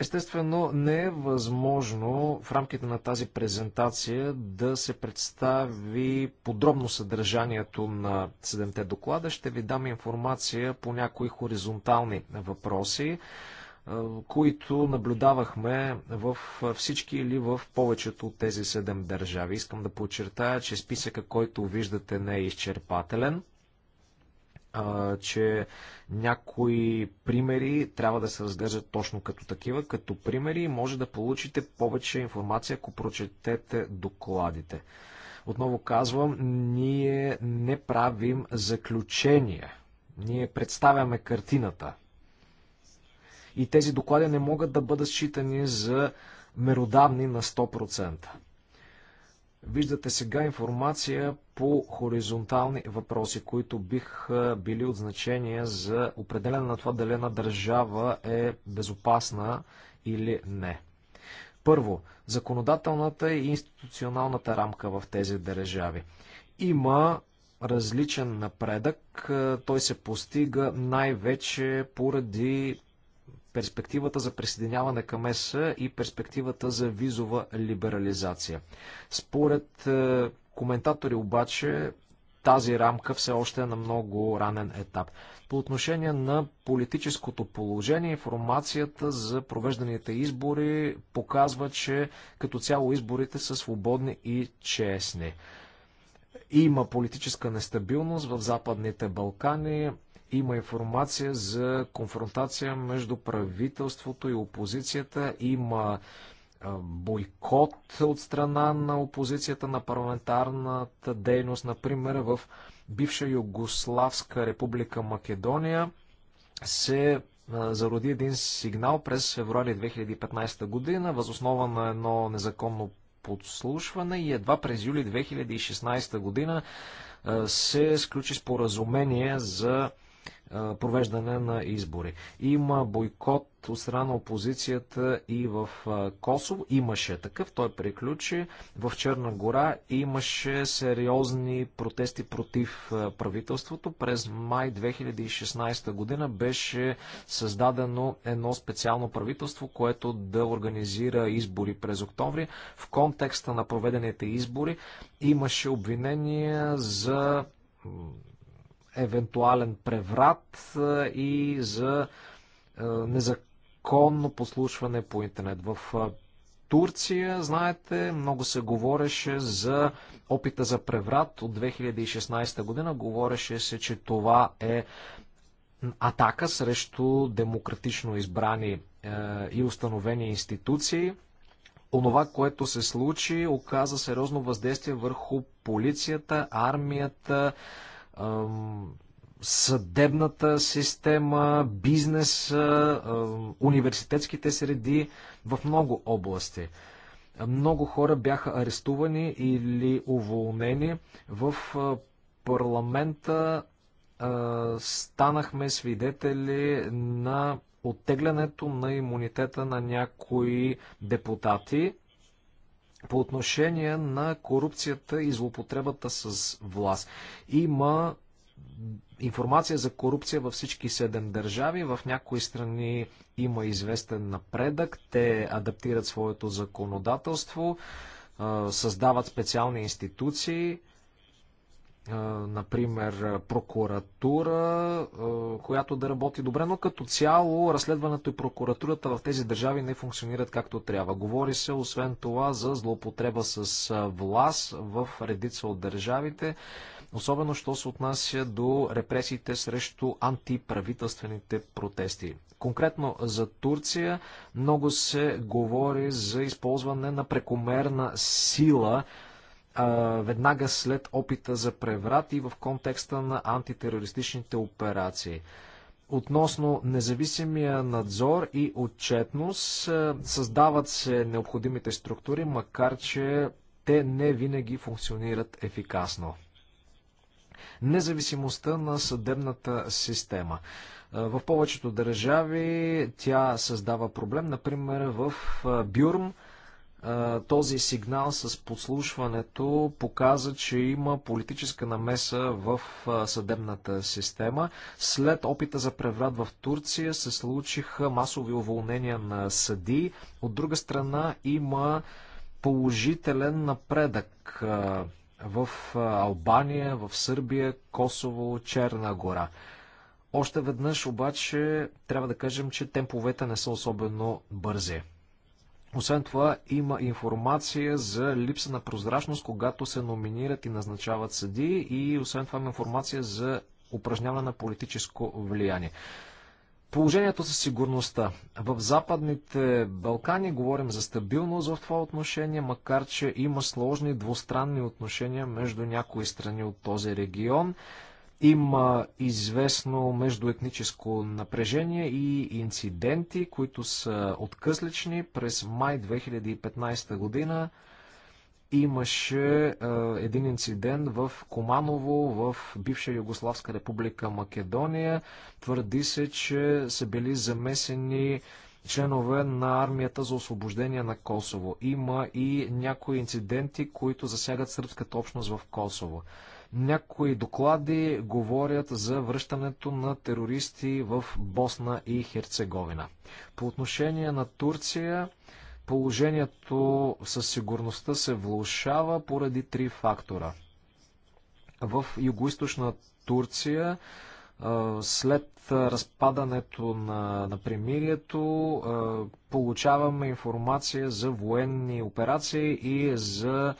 Естествено, не е възможно в рамките на тази презентация да се представи подробно съдържанието на седемте доклада. Ще ви дам информация по някои хоризонтални въпроси, които наблюдавахме в всички или в повечето от тези седем държави. Искам да подчертая, че списъка, който виждате, не е изчерпателен а, че някои примери трябва да се разглеждат точно като такива, като примери може да получите повече информация, ако прочетете докладите. Отново казвам, ние не правим заключения. Ние представяме картината. И тези доклади не могат да бъдат считани за меродавни на 100%. Виждате сега информация по хоризонтални въпроси, които бих били от значение за определяне на това дали една държава е безопасна или не. Първо, законодателната и институционалната рамка в тези държави. Има различен напредък. Той се постига най-вече поради перспективата за присъединяване към ЕС и перспективата за визова либерализация. Според е, коментатори обаче тази рамка все още е на много ранен етап. По отношение на политическото положение, информацията за провежданите избори показва, че като цяло изборите са свободни и честни. Има политическа нестабилност в Западните Балкани, има информация за конфронтация между правителството и опозицията, има бойкот от страна на опозицията на парламентарната дейност, например в бивша Югославска република Македония се зароди един сигнал през февруари 2015 година, възоснова на едно незаконно подслушване и едва през юли 2016 година се сключи споразумение за провеждане на избори. Има бойкот от страна на опозицията и в Косово. Имаше такъв, той приключи. В Черна гора имаше сериозни протести против правителството. През май 2016 година беше създадено едно специално правителство, което да организира избори през октомври. В контекста на проведените избори имаше обвинения за евентуален преврат и за незаконно послушване по интернет. В Турция, знаете, много се говореше за опита за преврат от 2016 година. Говореше се, че това е атака срещу демократично избрани е, и установени институции. Онова, което се случи, оказа сериозно въздействие върху полицията, армията, съдебната система, бизнес, университетските среди в много области. Много хора бяха арестувани или уволнени. В парламента станахме свидетели на оттеглянето на имунитета на някои депутати по отношение на корупцията и злоупотребата с власт. Има информация за корупция във всички седем държави. В някои страни има известен напредък. Те адаптират своето законодателство, създават специални институции например, прокуратура, която да работи добре, но като цяло разследването и прокуратурата в тези държави не функционират както трябва. Говори се, освен това, за злоупотреба с власт в редица от държавите, особено що се отнася до репресиите срещу антиправителствените протести. Конкретно за Турция много се говори за използване на прекомерна сила веднага след опита за преврат и в контекста на антитерористичните операции. Относно независимия надзор и отчетност, създават се необходимите структури, макар че те не винаги функционират ефикасно. Независимостта на съдебната система. В повечето държави тя създава проблем, например в Бюрм, този сигнал с подслушването показа, че има политическа намеса в съдебната система. След опита за преврат в Турция се случиха масови уволнения на съдии. От друга страна има положителен напредък в Албания, в Сърбия, Косово, Черна гора. Още веднъж обаче трябва да кажем, че темповете не са особено бързи. Освен това, има информация за липса на прозрачност, когато се номинират и назначават съди и освен това има информация за упражняване на политическо влияние. Положението със сигурността. В Западните Балкани говорим за стабилност в това отношение, макар че има сложни двустранни отношения между някои страни от този регион. Има известно междуетническо напрежение и инциденти, които са откъслични. През май 2015 година имаше е, един инцидент в Команово, в бивша Югославска република Македония. Твърди се, че са били замесени членове на армията за освобождение на Косово. Има и някои инциденти, които засягат сръбската общност в Косово. Някои доклади говорят за връщането на терористи в Босна и Херцеговина. По отношение на Турция, положението със сигурността се влушава поради три фактора. В югоизточна Турция след разпадането на, на примирието получаваме информация за военни операции и за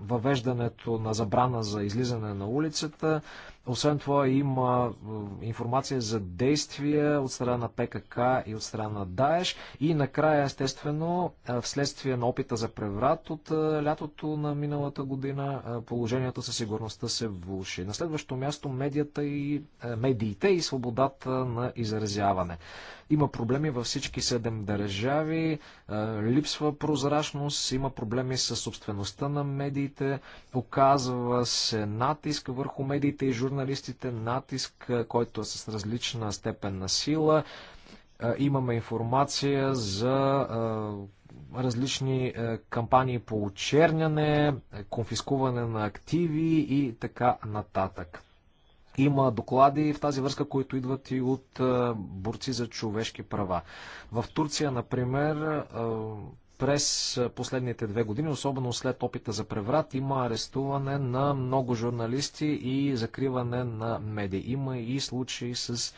въвеждането на забрана за излизане на улицата, освен това има информация за действия от страна на ПКК и от страна на Даеш. И накрая, естествено, вследствие на опита за преврат от лятото на миналата година, положението със сигурността се влуши. На следващо място медията и, медиите и свободата на изразяване. Има проблеми във всички седем държави, липсва прозрачност, има проблеми с собствеността на медиите, оказва се натиск върху медиите и журналистите журналистите, натиск, който е с различна степен на сила. Имаме информация за различни кампании по очерняне, конфискуване на активи и така нататък. Има доклади в тази връзка, които идват и от борци за човешки права. В Турция, например, през последните две години, особено след опита за преврат, има арестуване на много журналисти и закриване на медии. Има и случаи с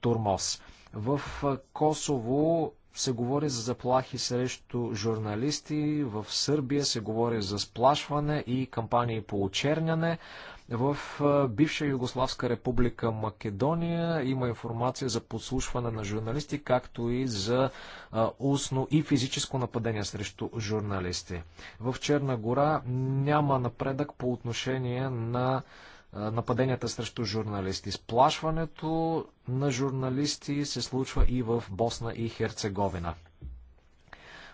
турмоз. В Косово се говори за заплахи срещу журналисти, в Сърбия се говори за сплашване и кампании по очерняне. В бивша Югославска република Македония има информация за подслушване на журналисти, както и за устно и физическо нападение срещу журналисти. В Черна гора няма напредък по отношение на нападенията срещу журналисти. Сплашването на журналисти се случва и в Босна и Херцеговина.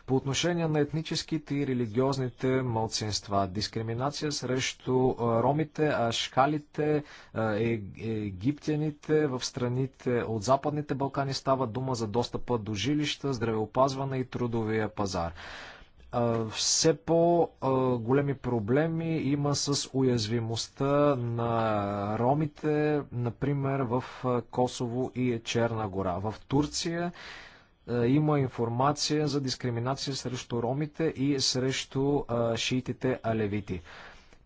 По отношение на етническите и религиозните младсинства. дискриминация срещу ромите, ашкалите, е, египтяните в страните от Западните Балкани става дума за достъпа до жилища, здравеопазване и трудовия пазар все по-големи проблеми има с уязвимостта на ромите, например в Косово и Черна гора. В Турция е, има информация за дискриминация срещу ромите и срещу е, шиитите алевити.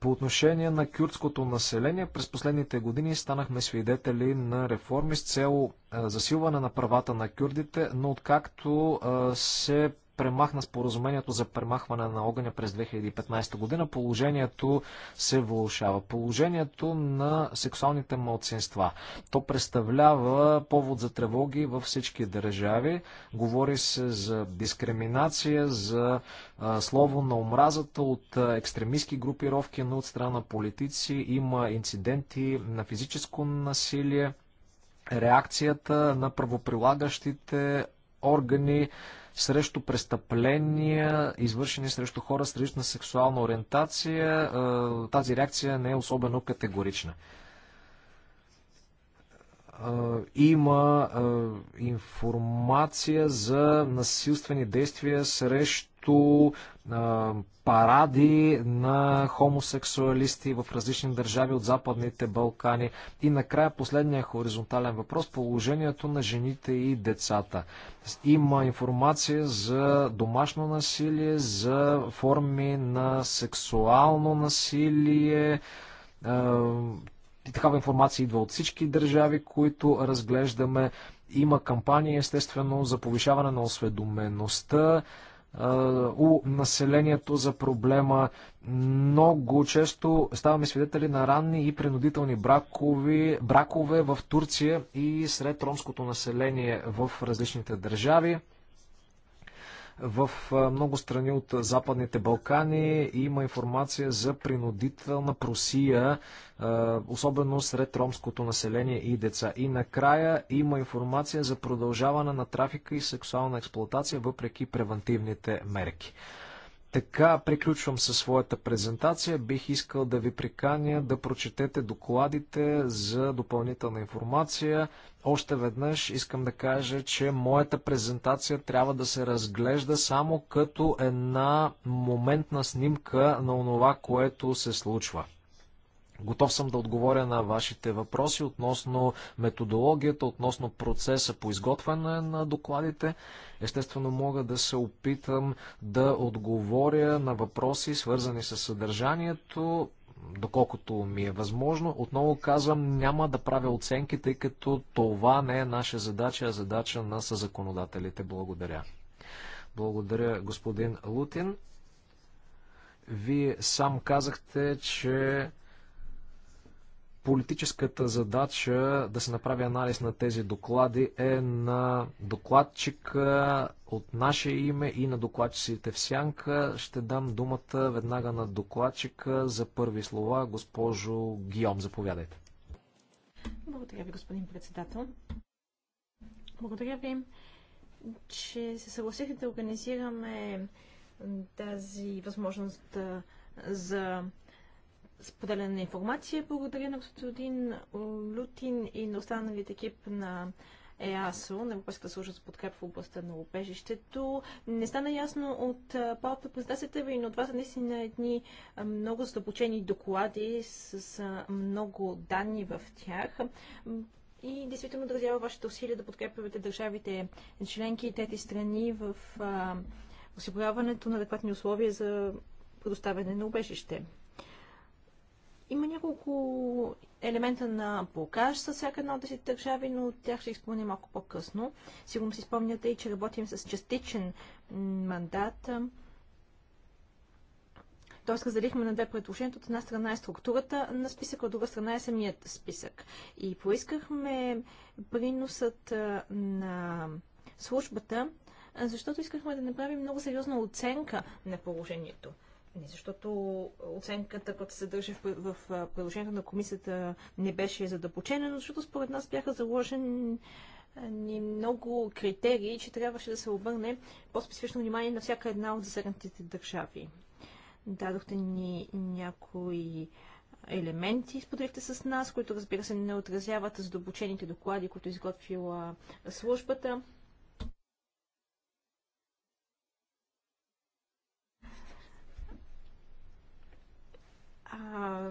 По отношение на кюртското население, през последните години станахме свидетели на реформи с цел е, засилване на правата на кюрдите, но откакто се премахна споразумението за премахване на огъня през 2015 година, положението се влушава. Положението на сексуалните младсинства. То представлява повод за тревоги във всички държави. Говори се за дискриминация, за а, слово на омразата от екстремистски групировки, но от страна на политици. Има инциденти на физическо насилие реакцията на правоприлагащите органи срещу престъпления, извършени срещу хора с различна сексуална ориентация, тази реакция не е особено категорична. Има информация за насилствени действия срещу паради на хомосексуалисти в различни държави от Западните Балкани. И накрая последния хоризонтален въпрос положението на жените и децата. Има информация за домашно насилие, за форми на сексуално насилие. И такава информация идва от всички държави, които разглеждаме. Има кампания, естествено, за повишаване на осведомеността у населението за проблема. Много често ставаме свидетели на ранни и принудителни бракови, бракове в Турция и сред ромското население в различните държави. В много страни от Западните Балкани има информация за принудителна просия, особено сред ромското население и деца. И накрая има информация за продължаване на трафика и сексуална експлуатация, въпреки превентивните мерки. Така приключвам със своята презентация. Бих искал да ви приканя да прочетете докладите за допълнителна информация. Още веднъж искам да кажа, че моята презентация трябва да се разглежда само като една моментна снимка на онова, което се случва. Готов съм да отговоря на вашите въпроси относно методологията, относно процеса по изготвяне на докладите. Естествено мога да се опитам да отговоря на въпроси, свързани с съдържанието, доколкото ми е възможно. Отново казвам, няма да правя оценки, тъй като това не е наша задача, а задача на съзаконодателите. Благодаря. Благодаря, господин Лутин. Вие сам казахте, че политическата задача да се направи анализ на тези доклади е на докладчика от наше име и на докладчиците в сянка. Ще дам думата веднага на докладчика за първи слова. Госпожо Гиом, заповядайте. Благодаря ви, господин председател. Благодаря ви, че се съгласихте да организираме тази възможност за споделяне на информация. Благодаря на господин Лютин и на останалите екип на ЕАСО, на Европейската служба за подкрепа в областта на убежището. Не стана ясно от палата презентацията ви, но това са наистина едни много задълбочени доклади с, много данни в тях. И действително отразява вашите усилия да подкрепяте държавите членки и трети страни в осигуряването на адекватни условия за предоставяне на убежище. Има няколко елемента на блокаж с всяка една от тези държави, но тях ще изпълня малко по-късно. Сигурно си спомняте и, че работим с частичен мандат. Тоест, разделихме на две предложения. От една страна е структурата на списъка, от друга страна е самият списък. И поискахме приносът на службата, защото искахме да направим много сериозна оценка на положението. Не защото оценката, която се държа в, в приложението на комисията, не беше задълбочена, но защото според нас бяха заложени много критерии, че трябваше да се обърне по-специфично внимание на всяка една от засегнатите държави. Дадохте ни някои елементи, споделихте с нас, които разбира се не отразяват задълбочените доклади, които е изготвила службата. А,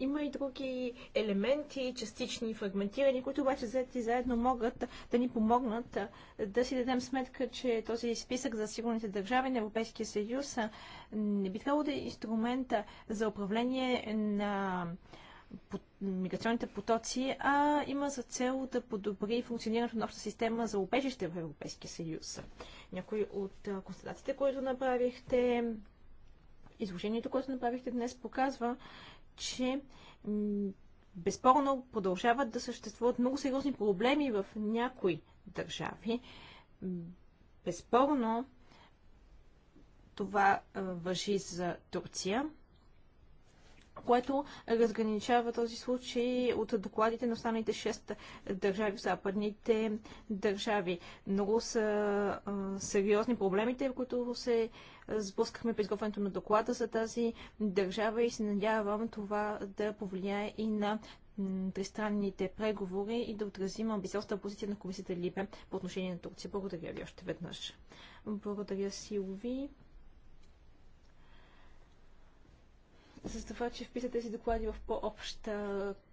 има и други елементи, частични, фрагментирани, които обаче взети заедно могат да ни помогнат да си дадем сметка, че този списък за сигурните държави на Европейския съюз не би трябвало да е инструмент за управление на миграционните потоци, а има за цел да подобри функционирането на обща система за убежище в Европейския съюз. Някои от констатациите, които направихте, изложението, което направихте днес, показва, че безспорно продължават да съществуват много сериозни проблеми в някои държави. Безспорно това въжи за Турция което разграничава този случай от докладите на останалите 6 държави в западните държави. Много са а, сериозни проблемите, в които се сблъскахме при изготвянето на доклада за тази държава и се надявам това да повлияе и на тристранните преговори и да отразим амбициозната позиция на комисията Либе по отношение на Турция. Благодаря ви още веднъж. Благодаря Силови. за това, че вписа тези доклади в по-общ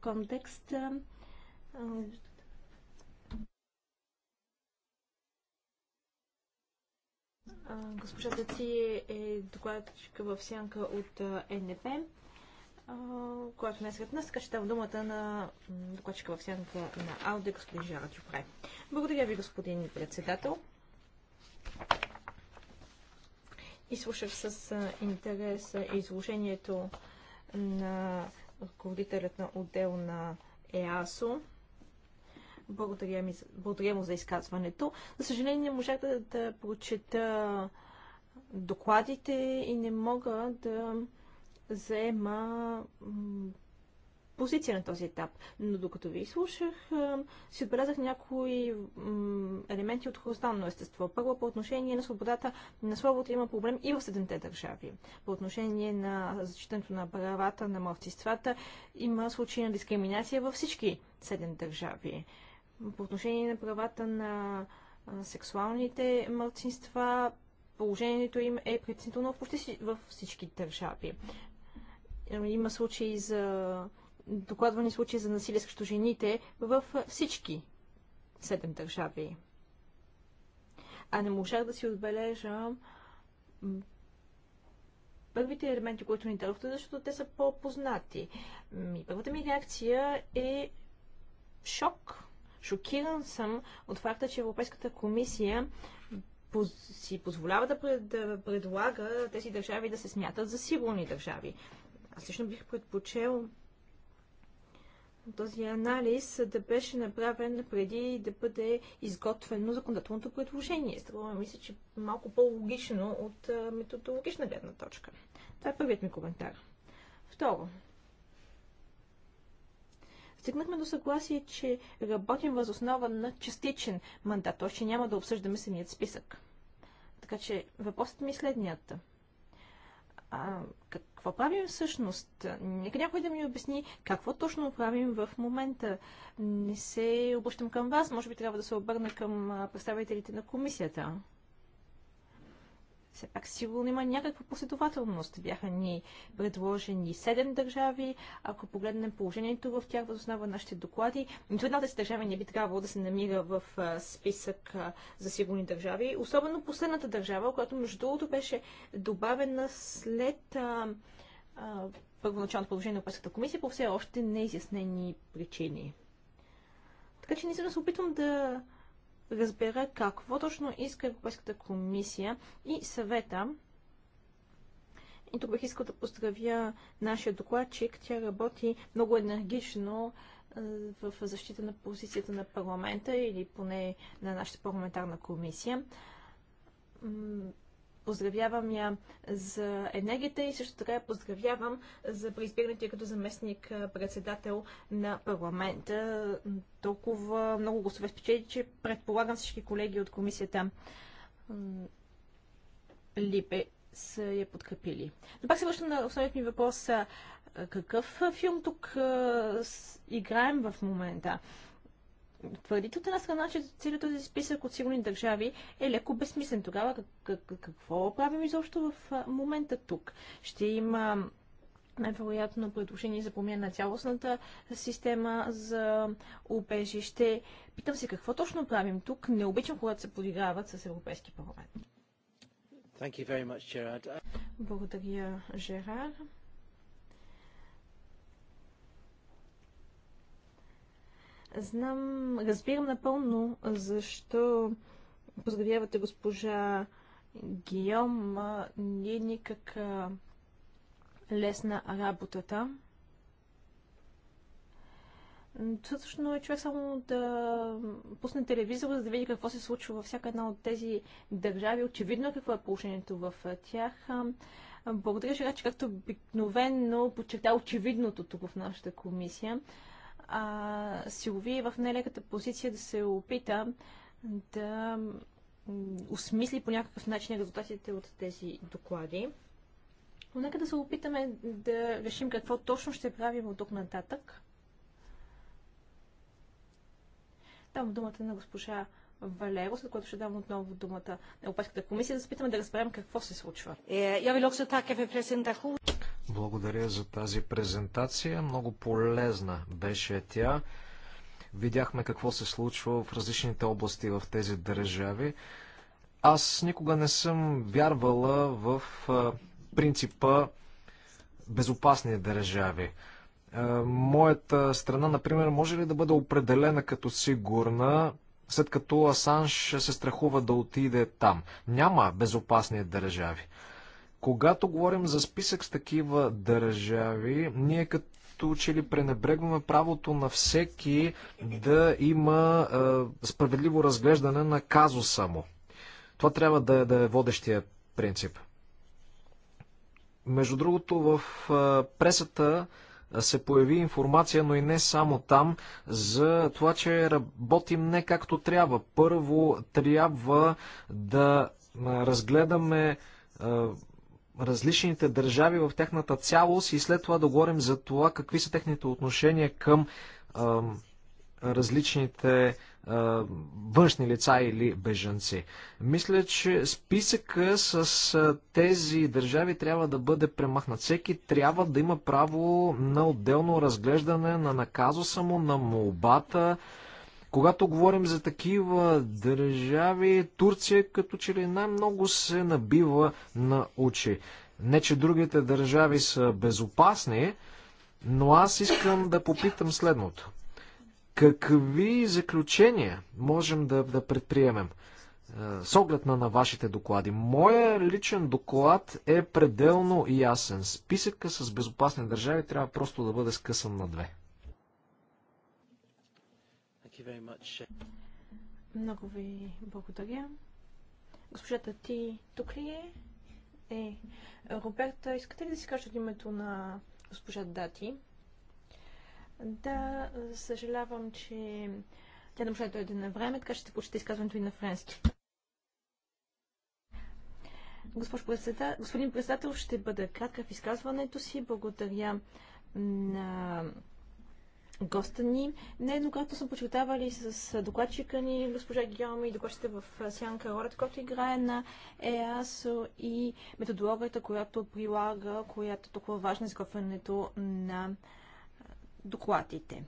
контекст. Госпожа Таци е докладчика в сянка от НДП, която не е сред нас, така че дам думата на докладчика в сянка на АУДЕ, господин Жара Дюпре. Благодаря ви, господин председател. Изслушах с интерес изложението на ръководителят на отдел на ЕАСО. Благодаря, ми, благодаря му за изказването. За съжаление, не можах да, да прочета докладите и не мога да заема позиция на този етап. Но докато ви слушах, си отбелязах някои елементи от хоризонтално естество. Първо, по отношение на свободата на словото има проблем и в седемте държави. По отношение на защитането на правата на малцинствата има случаи на дискриминация във всички седем държави. По отношение на правата на сексуалните мълцинства, положението им е притеснително в почти във всички държави. Има случаи за докладвани случаи за насилие срещу жените в всички седем държави. А не можах да си отбележа първите елементи, които ни дадохте, защото те са по-познати. Първата ми реакция е шок. Шокиран съм от факта, че Европейската комисия си позволява да, да предлага тези държави да се смятат за сигурни държави. Аз лично бих предпочел този анализ да беше направен преди да бъде изготвено законодателното предложение. Струва мисля, че малко по-логично от методологична гледна точка. Това е първият ми коментар. Второ. Стигнахме до съгласие, че работим въз основа на частичен мандат. Още няма да обсъждаме самият списък. Така че въпросът ми е следният. А, какво правим всъщност? Нека някой да ми обясни какво точно правим в момента. Не се обръщам към вас, може би трябва да се обърна към представителите на комисията. Все пак сигурно има някаква последователност. Бяха ни предложени седем държави. Ако погледнем положението в тях, възоснава нашите доклади, нито една тези държави не би трябвало да се намира в списък за сигурни държави. Особено последната държава, която между другото беше добавена след първоначалното положение на Европейската комисия по все още неизяснени причини. Така че не се опитвам да разбера какво точно иска Европейската комисия и съвета. И тук бих искал да поздравя нашия докладчик. Тя работи много енергично в защита на позицията на парламента или поне на нашата парламентарна комисия Поздравявам я за енергията и също така я поздравявам за преизбирането като заместник председател на парламента. Толкова много се спечели, че предполагам всички колеги от комисията Липе са я подкрепили. Но пак се връщам на основният ми въпрос. Какъв филм тук играем в момента? твърдите от една страна, че целият този списък от сигурни държави е леко безсмислен. Тогава какво правим изобщо в момента тук? Ще има най-вероятно предложение за промяна на цялостната система за убежище. Питам се какво точно правим тук. Не обичам, когато се подиграват с Европейски парламент. Благодаря, Жерар. Знам, разбирам напълно защо поздравявате госпожа Гиом. Не е никак лесна работата. Същото е човек само да пусне телевизора, за да види какво се случва във всяка една от тези държави. Очевидно е какво е положението в тях. Благодаря, че както обикновено подчерта очевидното тук в нашата комисия а, се уви в нелеката позиция да се опита да осмисли по някакъв начин резултатите от тези доклади. Но нека да се опитаме да решим какво точно ще правим от тук нататък. Давам думата на госпожа Валеро, след което ще дам отново думата на Европейската комисия, да се питаме да разберем какво се случва. Е, благодаря за тази презентация. Много полезна беше тя. Видяхме какво се случва в различните области в тези държави. Аз никога не съм вярвала в принципа безопасни държави. Моята страна, например, може ли да бъде определена като сигурна, след като Асанш се страхува да отиде там? Няма безопасни държави. Когато говорим за списък с такива държави, ние като че ли пренебрегваме правото на всеки да има е, справедливо разглеждане на казуса му. Това трябва да е, да е водещия принцип. Между другото, в е, пресата се появи информация, но и не само там, за това, че работим не както трябва. Първо трябва да разгледаме различните държави в тяхната цялост и след това да говорим за това какви са техните отношения към а, различните а, външни лица или бежанци. Мисля, че списъка с а, тези държави трябва да бъде премахнат. Всеки трябва да има право на отделно разглеждане на наказуса му, на молбата, а, когато говорим за такива държави, Турция като че ли най-много се набива на очи. Не, че другите държави са безопасни, но аз искам да попитам следното. Какви заключения можем да, да предприемем е, с оглед на, на вашите доклади? Моя личен доклад е пределно ясен. Списъка с безопасни държави трябва просто да бъде скъсан на две. Много ви благодаря. Госпожата ти тук ли е? Е. Роберта, искате ли да си кажете името на госпожа Дати? Да, съжалявам, че тя не може да дойде на време, така ще почете изказването и на френски. Госпожо председател, господин председател, ще бъда кратка в изказването си. Благодаря на госта ни. Нееднократно съм почертавали с докладчика ни, госпожа Гиома и докладчите в Сянка Ролят, който играе на ЕАСО и методологията, която прилага, която е толкова важна за изготвянето на докладите.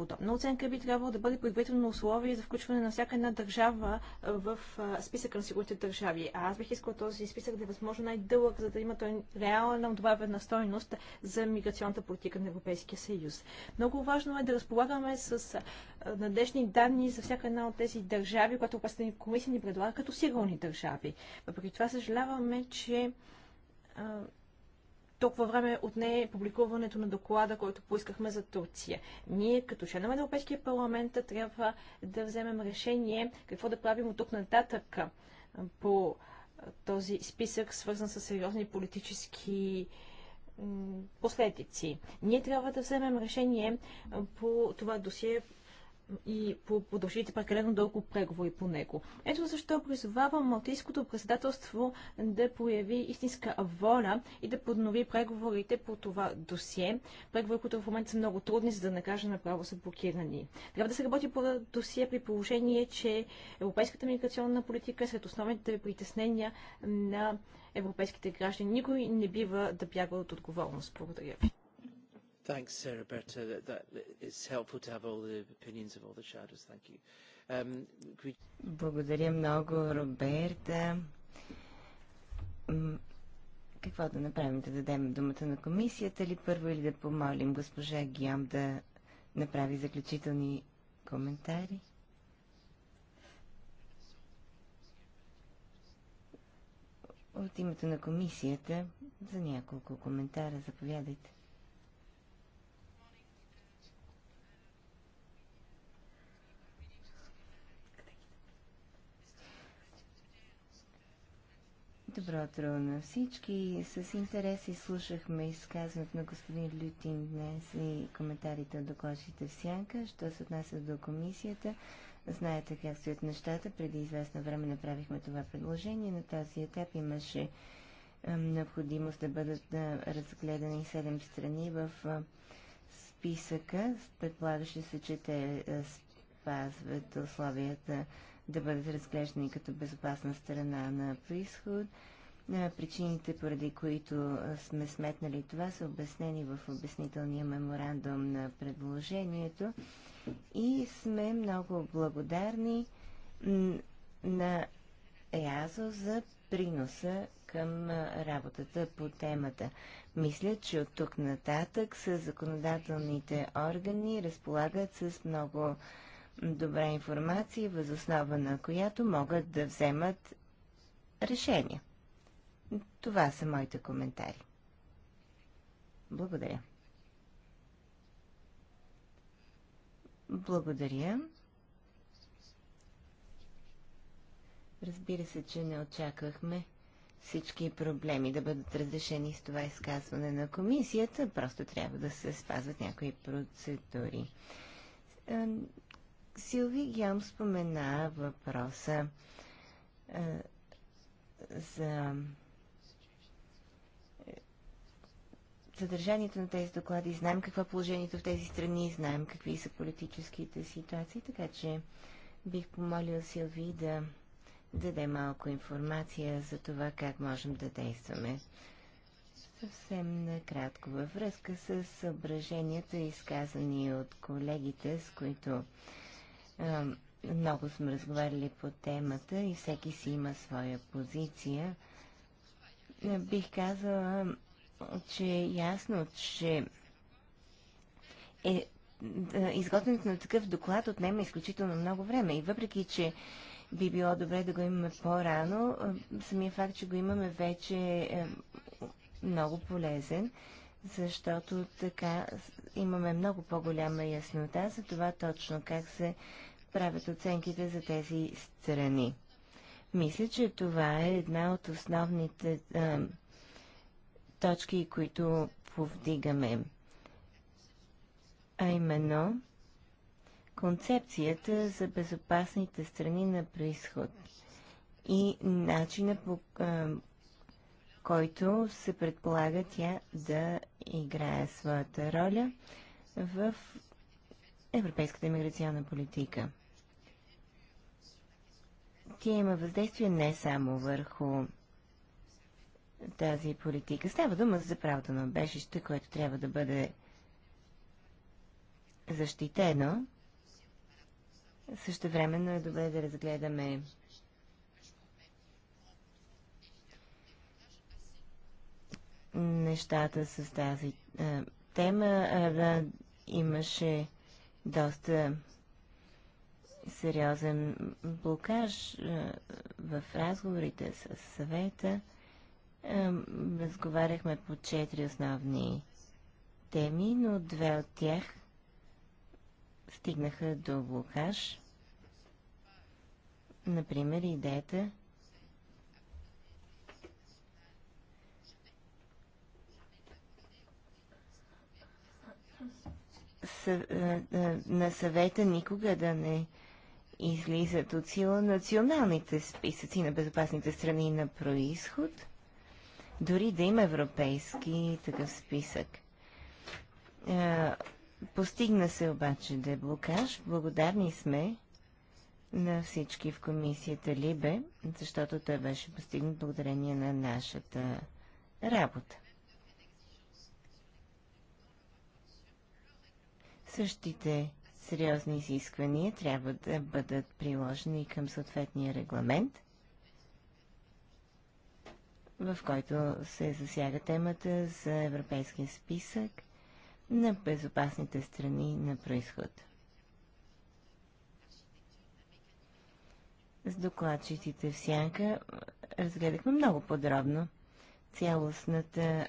Подобна оценка би трябвало да бъде предварително условие за включване на всяка една държава в списъка на сигурните държави. А аз бих искал този списък да е възможно най-дълъг, за да има той реална добавена стойност за миграционната политика на Европейския съюз. Много важно е да разполагаме с надежни данни за всяка една от тези държави, която Европейската комисия ни предлага като сигурни държави. Въпреки това съжаляваме, че толкова време отне е публикуването на доклада, който поискахме за Турция. Ние, като членове на Европейския парламент, трябва да вземем решение какво да правим от тук нататък по този списък, свързан с сериозни политически последици. Ние трябва да вземем решение по това досие и продължите прекалено дълго преговори по него. Ето защо призовавам Малтийското председателство да прояви истинска воля и да поднови преговорите по това досие. Преговори, които в момента са много трудни, за да не кажа направо са блокирани. Трябва да се работи по досие при положение, че европейската миграционна политика е сред основните притеснения на европейските граждани. Никой не бива да бяга от отговорност. Благодаря ви. Thanks, uh, Roberta. That, that, it's helpful to have all the opinions of all the shadows. Thank you. Um, we... Благодаря много, Роберта. Какво да направим? Да дадем думата на комисията ли първо или да помолим госпожа Гиам да направи заключителни коментари? От името на комисията за няколко коментара заповядайте. Добро утро на всички. С интерес изслушахме изказването на господин Лютин днес и коментарите от докладчите в Сянка. Що се отнася до комисията, знаете как стоят нещата. Преди известно време направихме това предложение. На този етап имаше необходимост да бъдат разгледани 7 страни в списъка. Предполагаше се, че те спазват условията да бъдат разглеждани като безопасна страна на происход. Причините, поради които сме сметнали това, са обяснени в обяснителния меморандум на предложението и сме много благодарни на ЕАЗО за приноса към работата по темата. Мисля, че от тук нататък с законодателните органи разполагат с много добра информация, възоснова на която могат да вземат решения. Това са моите коментари. Благодаря. Благодаря. Разбира се, че не очаквахме всички проблеми да бъдат разрешени с това изказване на комисията. Просто трябва да се спазват някои процедури. Силви Гям спомена въпроса е, за съдържанието е, на тези доклади, знаем какво е положението в тези страни, знаем какви са политическите ситуации, така че бих помолил Силви да даде малко информация за това как можем да действаме. Съвсем накратко във връзка с съображенията, изказани от колегите, с които е, много сме разговаряли по темата и всеки си има своя позиция. Е, бих казала, че е ясно, че е, е, изготвянето на такъв доклад отнема изключително много време. И въпреки, че би било добре да го имаме по-рано, самия факт, че го имаме вече е много полезен, защото така имаме много по-голяма яснота за това точно как се правят оценките за тези страни. Мисля, че това е една от основните а, точки, които повдигаме. А именно концепцията за безопасните страни на происход и начина по а, който се предполага тя да играе своята роля в европейската миграционна политика тя има въздействие не само върху тази политика. Става дума за правото на обежище, което трябва да бъде защитено. Също времено е добре да разгледаме нещата с тази тема. Е, имаше доста сериозен блокаж е, в разговорите с съвета. Е, разговаряхме по четири основни теми, но две от тях стигнаха до блокаж. Например, идеята е, на съвета никога да не излизат от сила националните списъци на безопасните страни на происход, дори да има европейски такъв списък. Е, постигна се обаче деблокаж. Благодарни сме на всички в комисията Либе, защото той беше постигнат благодарение на нашата работа. Същите сериозни изисквания трябва да бъдат приложени към съответния регламент, в който се засяга темата за европейския списък на безопасните страни на происход. С докладчиците в Сянка разгледахме много подробно цялостната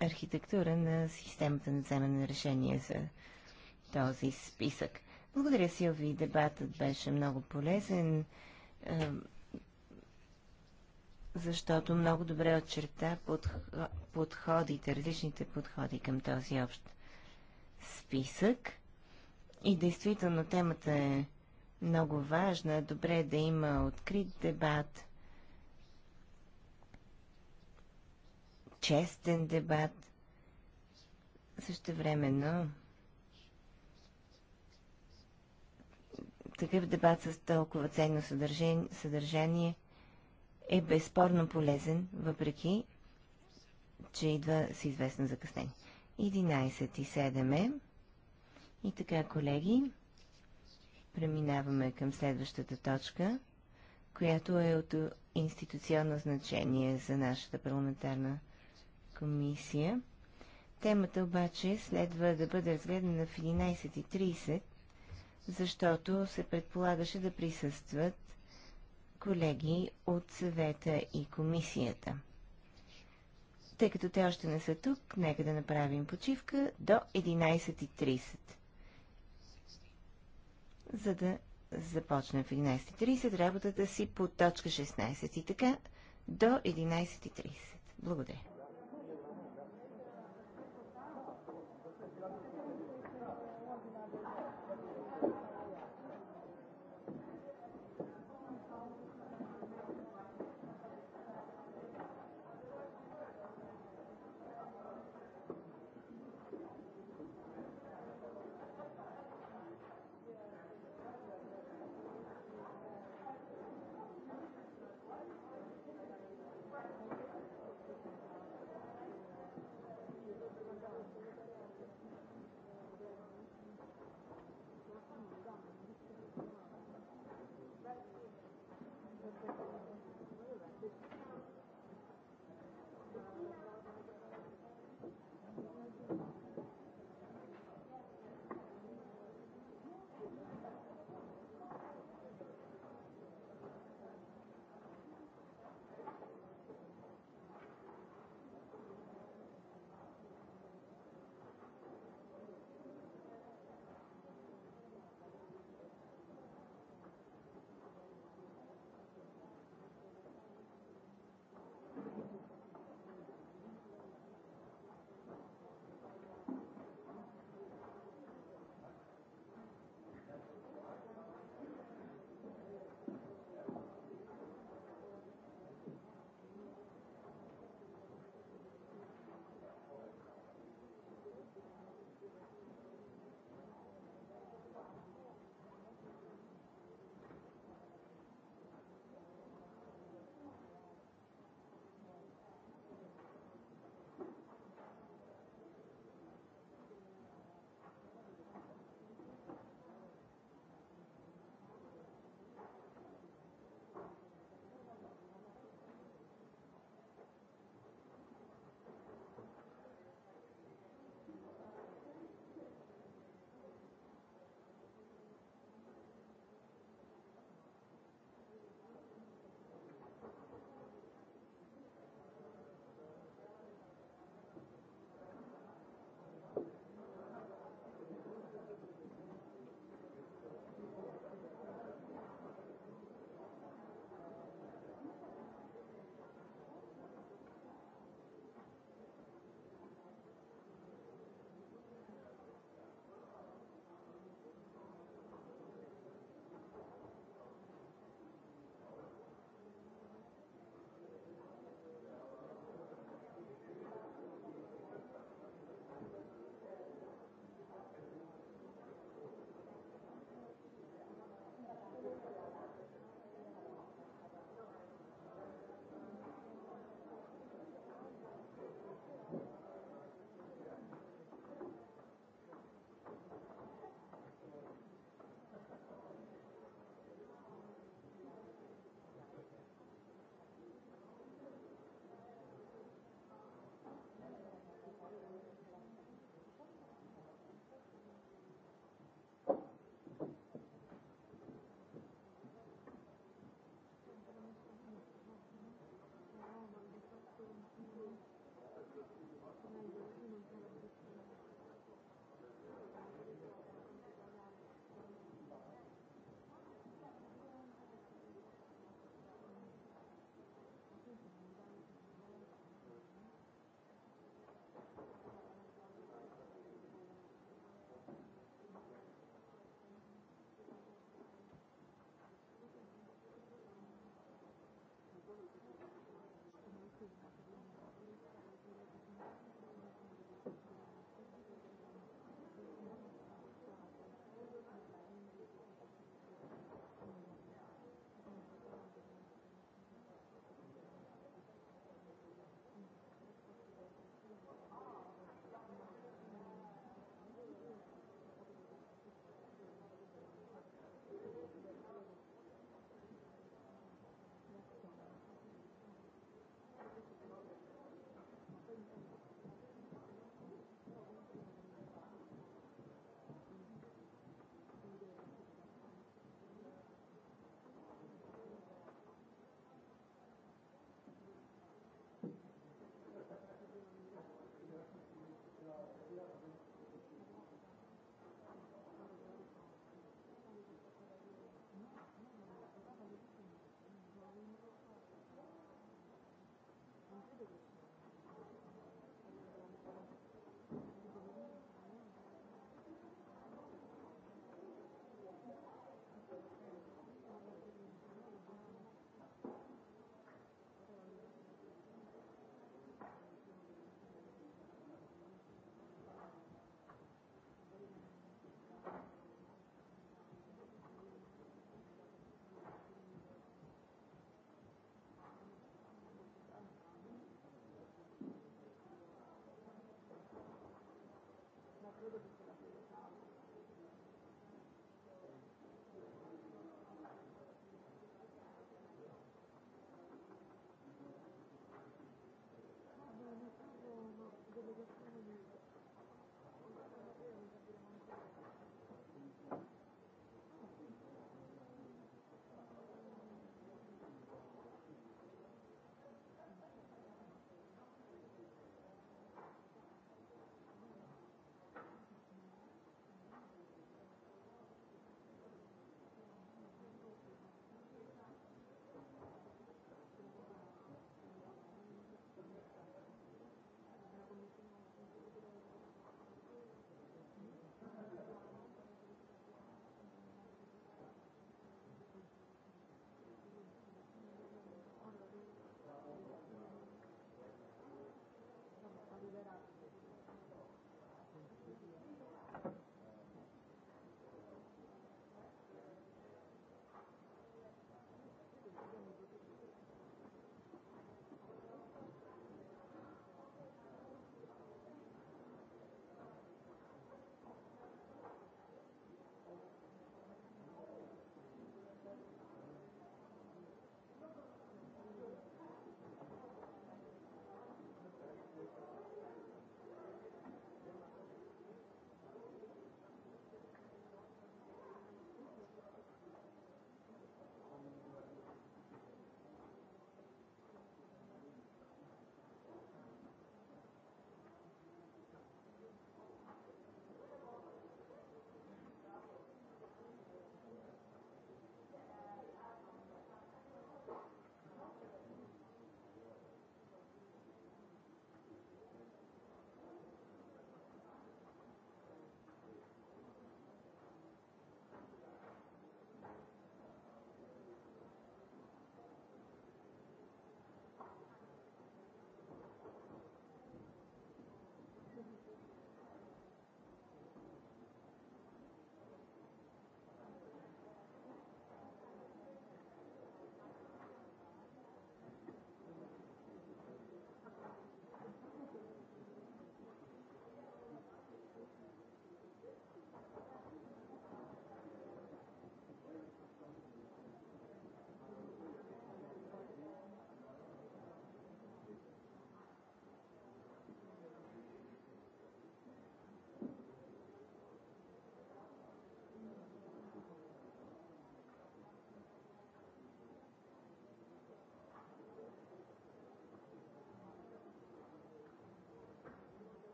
архитектура на системата на вземане на решение за този списък. Благодаря, Силви. Дебатът беше много полезен, защото много добре отчерта подходите, различните подходи към този общ списък. И действително темата е много важна. Добре е да има открит дебат, честен дебат. Също времено такъв дебат с толкова ценно съдържание е безспорно полезен, въпреки, че идва с известно закъснение. 11.07. е. И така, колеги, преминаваме към следващата точка, която е от институционно значение за нашата парламентарна комисия. Темата обаче следва да бъде разгледана в 11.30, защото се предполагаше да присъстват колеги от съвета и комисията. Тъй като те още не са тук, нека да направим почивка до 11.30, за да започнем в 11.30 работата си по точка 16 и така до 11.30. Благодаря.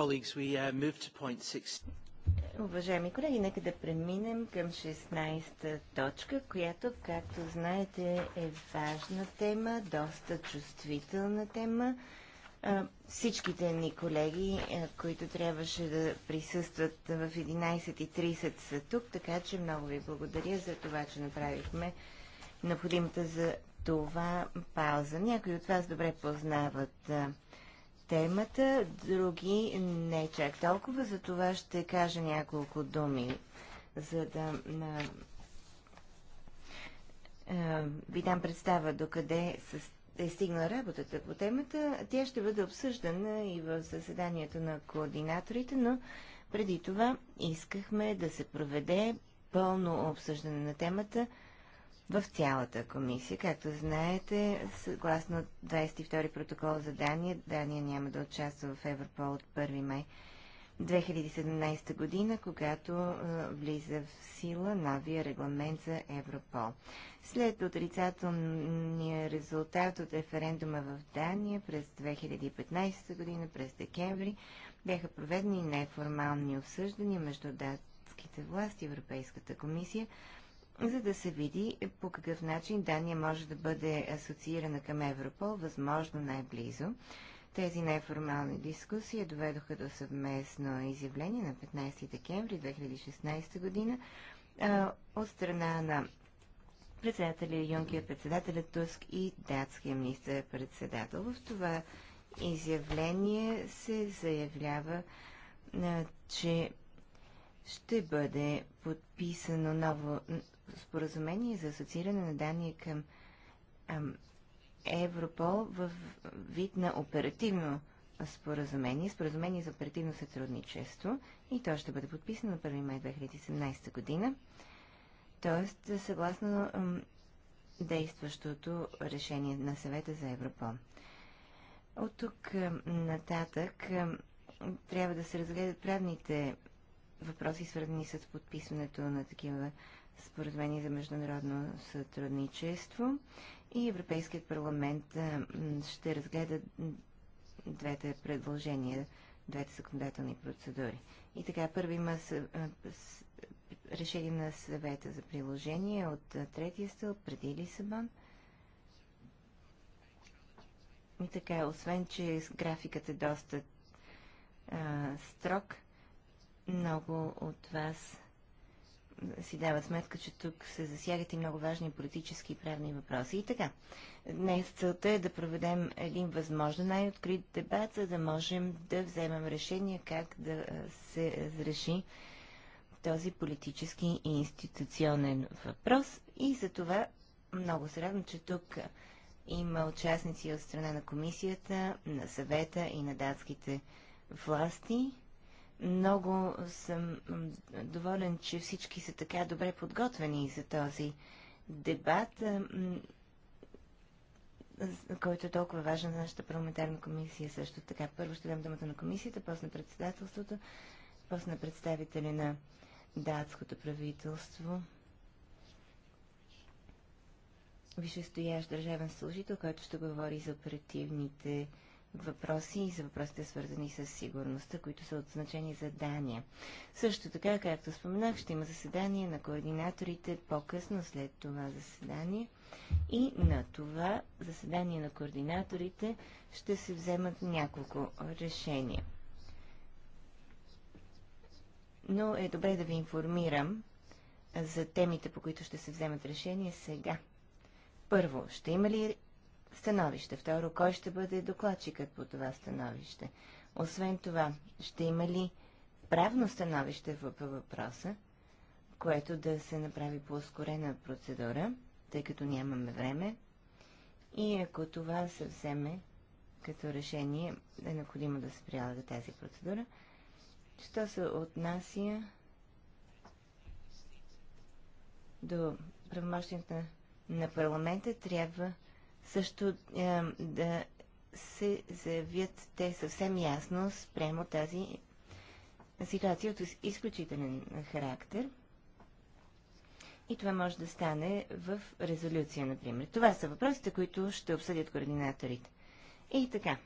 Colleagues, we uh, move to point Уважаеми колеги, нека да преминем към 16-та точка, която, както знаете, е важна тема, доста чувствителна тема. Всичките ни колеги, които трябваше да присъстват в 11.30 са тук, така че много ви благодаря за това, че направихме необходимата за това пауза. Някои от вас добре познават темата, други не чак толкова, за това ще кажа няколко думи, за да на, ви дам представа докъде е стигнала работата по темата. Тя ще бъде обсъждана и в заседанието на координаторите, но преди това искахме да се проведе пълно обсъждане на темата – в цялата комисия. Както знаете, съгласно 22 протокол за Дания, Дания няма да участва в Европол от 1 май 2017 година, когато е, влиза в сила новия регламент за Европол. След отрицателния резултат от референдума в Дания през 2015 година, през декември, бяха проведени неформални обсъждания между датските власти и Европейската комисия за да се види по какъв начин Дания може да бъде асоциирана към Европол, възможно най-близо. Тези неформални дискусии доведоха до съвместно изявление на 15 декември 2016 година а, от страна на председателя Юнкия, председателя Туск и датския министър-председател. В това изявление се заявлява, а, че ще бъде подписано ново споразумение за асоцииране на данни към Европол в вид на оперативно споразумение, споразумение за оперативно сътрудничество и то ще бъде подписано на 1 май 2017 година. Тоест, съгласно действащото решение на съвета за Европол. От тук нататък трябва да се разгледат правните въпроси, свързани с подписването на такива споразумение за международно сътрудничество и Европейският парламент ще разгледа двете предложения, двете законодателни процедури. И така, първи има решение на съвета за приложение от третия стъл преди Лисабон. И така, освен, че графикът е доста а, строг, много от вас си дават сметка, че тук се засягат и много важни политически и правни въпроси. И така, днес целта е да проведем един възможно най-открит дебат, за да можем да вземем решение как да се разреши този политически и институционен въпрос. И за това много се радвам, че тук има участници от страна на комисията, на съвета и на датските власти. Много съм доволен, че всички са така добре подготвени за този дебат, който е толкова важен за нашата парламентарна комисия също така. Първо ще дам думата на комисията, после на председателството, после на представители на датското правителство. Висшестоящ държавен служител, който ще говори за оперативните въпроси и за въпросите свързани с сигурността, които са от значение за Дания. Също така, както споменах, ще има заседание на координаторите по-късно след това заседание. И на това заседание на координаторите ще се вземат няколко решения. Но е добре да ви информирам за темите, по които ще се вземат решения сега. Първо, ще има ли становище. Второ, кой ще бъде докладчикът по това становище? Освен това, ще има ли правно становище в въпроса, което да се направи по ускорена процедура, тъй като нямаме време? И ако това се вземе като решение, е необходимо да се прилага тази процедура. Що се отнася до правомощията на парламента, трябва също е, да се заявят те съвсем ясно спрямо тази ситуация от изключителен характер. И това може да стане в резолюция, например. Това са въпросите, които ще обсъдят координаторите. И така.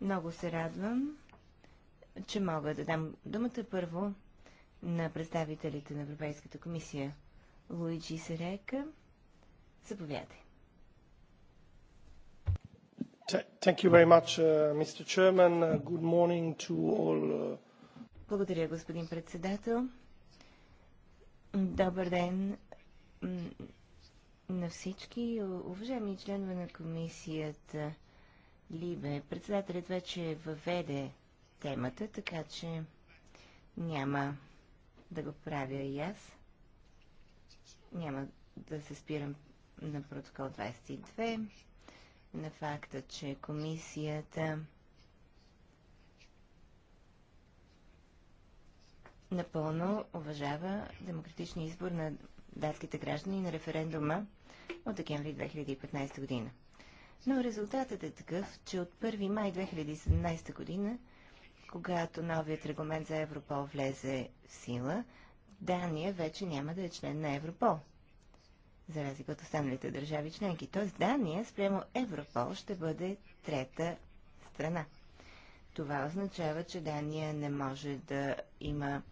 Много се радвам, че мога да дам думата първо на представителите на Европейската комисия Луиджи Серека. Заповядай. Uh, uh, uh, Благодаря, господин председател. Добър ден на всички. Уважаеми членове на комисията Либе, председателят вече въведе темата, така че няма да го правя и аз. Няма да се спирам на протокол 22 на факта, че комисията напълно уважава демократичния избор на датските граждани на референдума от декември 2015 година. Но резултатът е такъв, че от 1 май 2017 година, когато новият регламент за Европол влезе в сила, Дания вече няма да е член на Европол – за разлика от останалите държави членки. Тоест Дания спрямо Европол ще бъде трета страна. Това означава, че Дания не може да има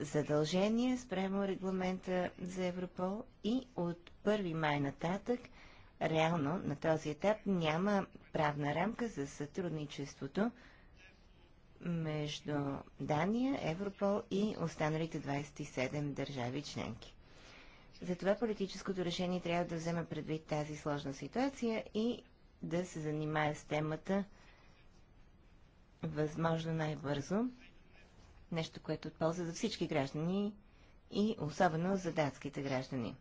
задължение спрямо регламента за Европол и от 1 май нататък реално на този етап няма правна рамка за сътрудничеството между Дания, Европол и останалите 27 държави членки. Затова политическото решение трябва да вземе предвид тази сложна ситуация и да се занимае с темата възможно най-бързо. Нещо, което е от полза за всички граждани и особено за датските граждани.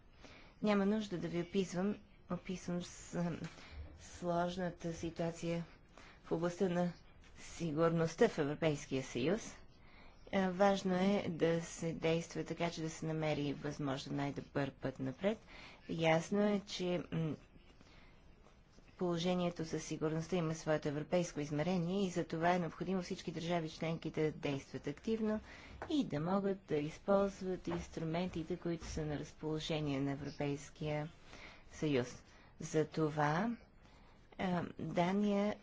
Няма нужда да ви описвам, описвам с, сложната ситуация в областта на сигурността в Европейския съюз. Е, важно е да се действа така, че да се намери възможно най-добър път напред. Ясно е, че положението със сигурността има своето европейско измерение и за това е необходимо всички държави членки да действат активно и да могат да използват инструментите, които са на разположение на Европейския съюз. За това Дания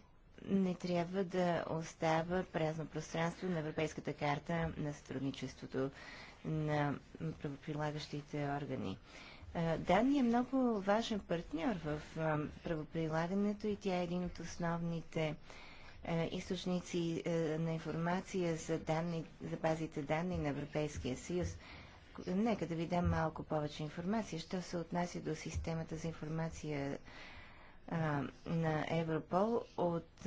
не трябва да остава празно пространство на Европейската карта на сътрудничеството на правоприлагащите органи. Дания е много важен партньор в правоприлагането и тя е един от основните източници на информация за, данни, за базите данни на Европейския съюз. Нека да ви дам малко повече информация, що се отнася до системата за информация на Европол от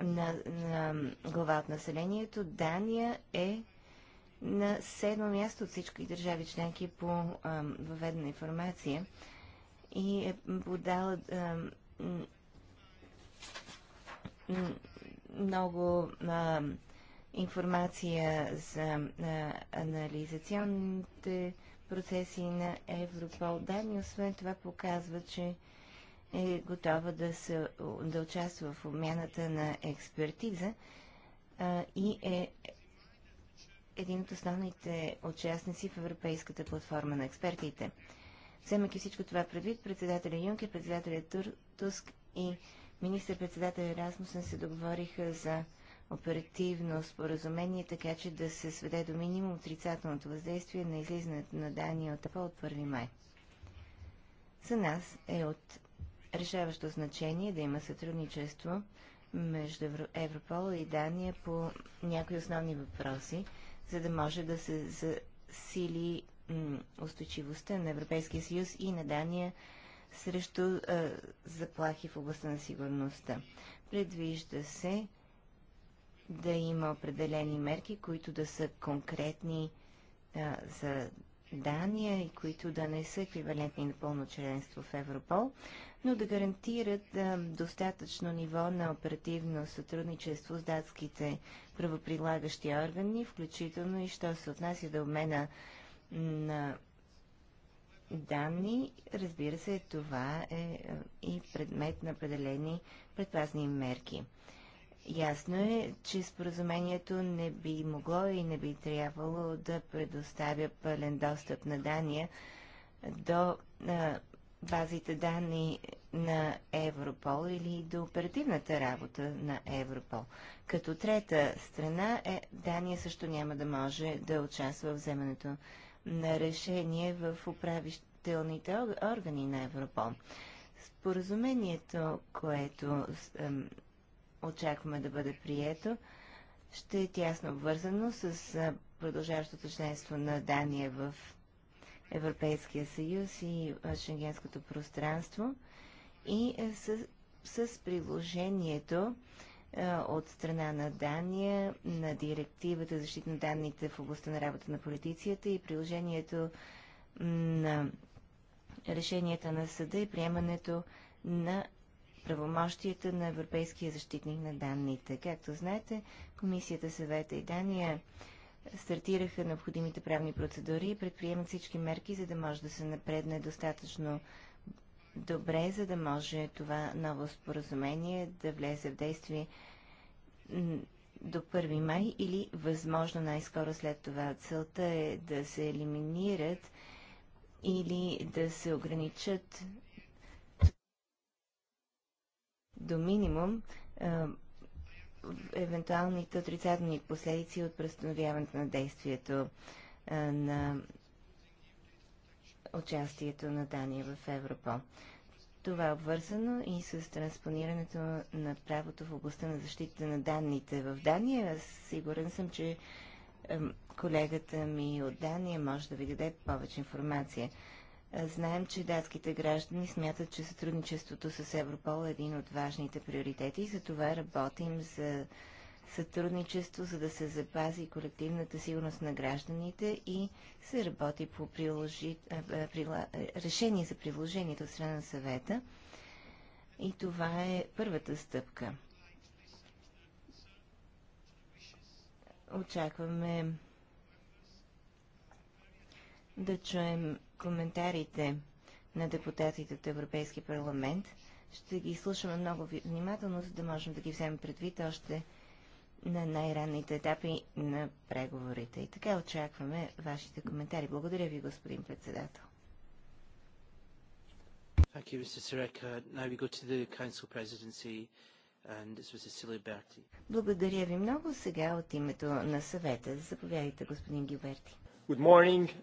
на, на глава от населението. Дания е на седмо място от всички държави членки по а, въведена информация и е подала много а, информация за а, анализационните процеси на Европол. Дания, освен това показва, че е готова да, се, да участва в обмяната на експертиза а, и е един от основните участници в Европейската платформа на експертите. Вземайки всичко това предвид, председателя Юнкер, председателя Тур, Туск и министър-председателя Расмусен се договориха за оперативно споразумение, така че да се сведе до минимум отрицателното въздействие на излизането на Дания от АПА от 1 май. За нас е от решаващо значение да има сътрудничество между Европол и Дания по някои основни въпроси, за да може да се засили устойчивостта на Европейския съюз и на Дания срещу а, заплахи в областта на сигурността. Предвижда се да има определени мерки, които да са конкретни а, за Дания и които да не са еквивалентни на пълно членство в Европол, но да гарантират а, достатъчно ниво на оперативно сътрудничество с датските правоприлагащи органи, включително и що се отнася до обмена на данни. Разбира се, това е и предмет на определени предпазни мерки. Ясно е, че споразумението не би могло и не би трябвало да предоставя пълен достъп на Дания до а, базите данни на Европол или до оперативната работа на Европол. Като трета страна, е, Дания също няма да може да участва в вземането на решение в управителните органи на Европол. Споразумението, което очакваме да бъде прието, ще е тясно обвързано с продължаващото членство на Дания в Европейския съюз и Шенгенското пространство и с, с приложението от страна на Дания на директивата за защита на данните в областта на работа на политицията и приложението на решенията на съда и приемането на правомощията на Европейския защитник на данните. Както знаете, Комисията, съвета и Дания стартираха необходимите правни процедури и предприемат всички мерки, за да може да се напредне достатъчно добре, за да може това ново споразумение да влезе в действие до 1 май или възможно най-скоро след това. Целта е да се елиминират или да се ограничат до минимум евентуалните отрицателни последици от престановяването на действието на участието на Дания в Европа. Това е обвързано и с транспонирането на правото в областта на защита на данните в Дания. Аз сигурен съм, че е, колегата ми от Дания може да ви даде повече информация. Знаем, че датските граждани смятат, че сътрудничеството с Европол е един от важните приоритети и за това работим за сътрудничество, за да се запази колективната сигурност на гражданите и се работи по приложи, прила, решение за приложението от страна на съвета. И това е първата стъпка. Очакваме да чуем коментарите на депутатите от Европейски парламент. Ще ги слушаме много внимателно, за да можем да ги вземем предвид още на най-ранните етапи на преговорите. И така очакваме вашите коментари. Благодаря ви, господин председател. Thank you, Mr. Sireka. Now we go to the Council Presidency and this was Cecilia Berti. Благодаря ви много. Сега от името на съвета. Заповядайте, господин Гилберти. Good morning.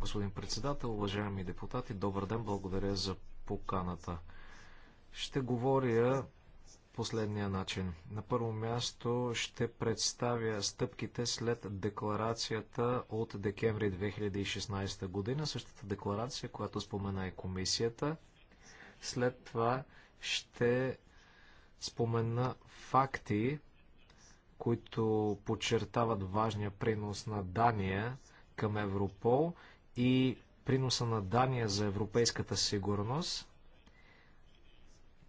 Господин председател, уважаеми депутати, добър ден, благодаря за поканата. Ще говоря последния начин. На първо място ще представя стъпките след декларацията от декември 2016 година, същата декларация, която спомена и комисията. След това ще спомена факти, които подчертават важния принос на Дания към Европол и приноса на Дания за европейската сигурност.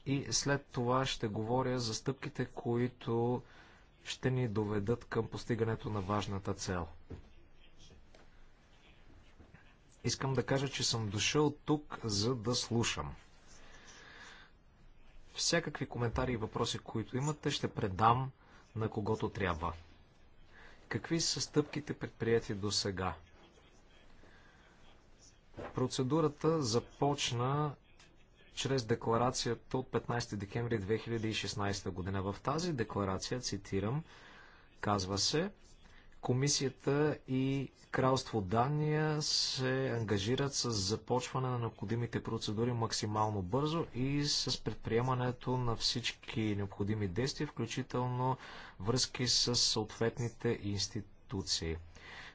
И след това ще говоря за стъпките, които ще ни доведат към постигането на важната цел. Искам да кажа, че съм дошъл тук, за да слушам. Всякакви коментари и въпроси, които имате, ще предам на когото трябва. Какви са стъпките предприяти до сега? Процедурата започна чрез декларацията от 15 декември 2016 година. В тази декларация, цитирам, казва се, Комисията и Кралство Дания се ангажират с започване на необходимите процедури максимално бързо и с предприемането на всички необходими действия, включително връзки с съответните институции.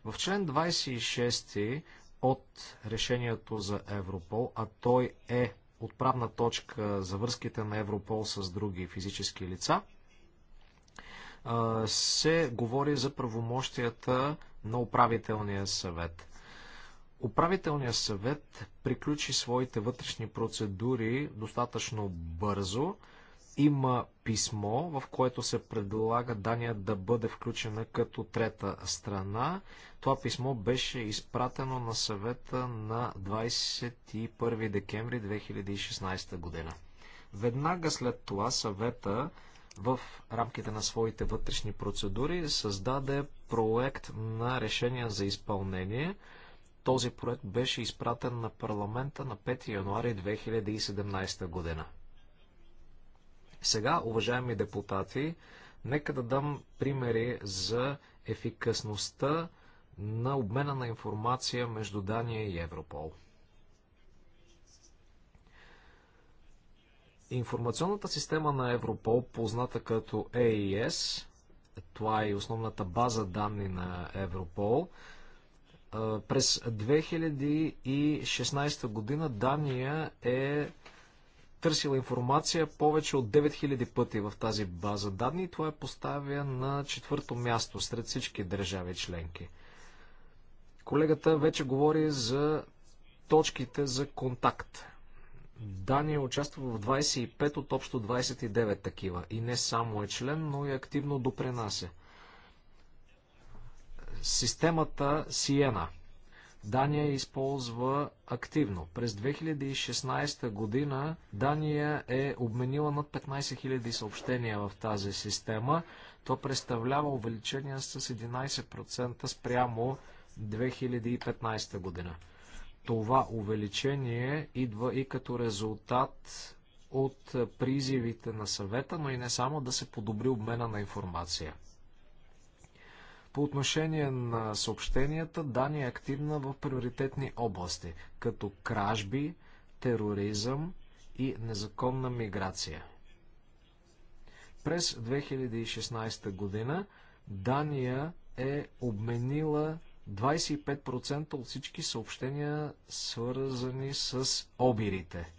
В член 26 от решението за Европол, а той е отправна точка за връзките на Европол с други физически лица, се говори за правомощията на управителния съвет. Управителният съвет приключи своите вътрешни процедури достатъчно бързо. Има писмо, в което се предлага Дания да бъде включена като трета страна. Това писмо беше изпратено на съвета на 21 декември 2016 година. Веднага след това съвета в рамките на своите вътрешни процедури създаде проект на решение за изпълнение. Този проект беше изпратен на парламента на 5 януари 2017 година. Сега, уважаеми депутати, нека да дам примери за ефикасността на обмена на информация между Дания и Европол. Информационната система на Европол, позната като AES, това е основната база данни на Европол, през 2016 година Дания е търсила информация повече от 9000 пъти в тази база данни и това е поставя на четвърто място сред всички държави членки. Колегата вече говори за точките за контакт. Дания участва в 25 от общо 29 такива и не само е член, но и активно допренася. Системата Сиена – Дания използва активно. През 2016 година Дания е обменила над 15 000 съобщения в тази система. То представлява увеличение с 11% спрямо 2015 година. Това увеличение идва и като резултат от призивите на съвета, но и не само да се подобри обмена на информация. По отношение на съобщенията, Дания е активна в приоритетни области, като кражби, тероризъм и незаконна миграция. През 2016 година Дания е обменила 25% от всички съобщения, свързани с обирите.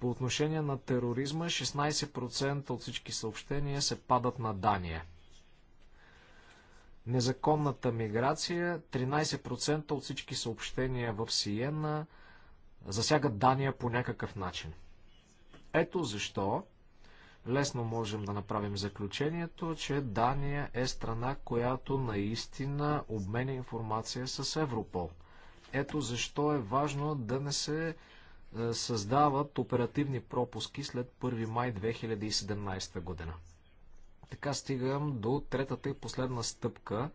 По отношение на тероризма, 16% от всички съобщения се падат на Дания – Незаконната миграция 13% от всички съобщения в Сиена засягат Дания по някакъв начин. Ето защо лесно можем да направим заключението, че Дания е страна, която наистина обменя информация с Европол. Ето защо е важно да не се е, създават оперативни пропуски след 1 май 2017 година. Така стигам до третата и последна стъпка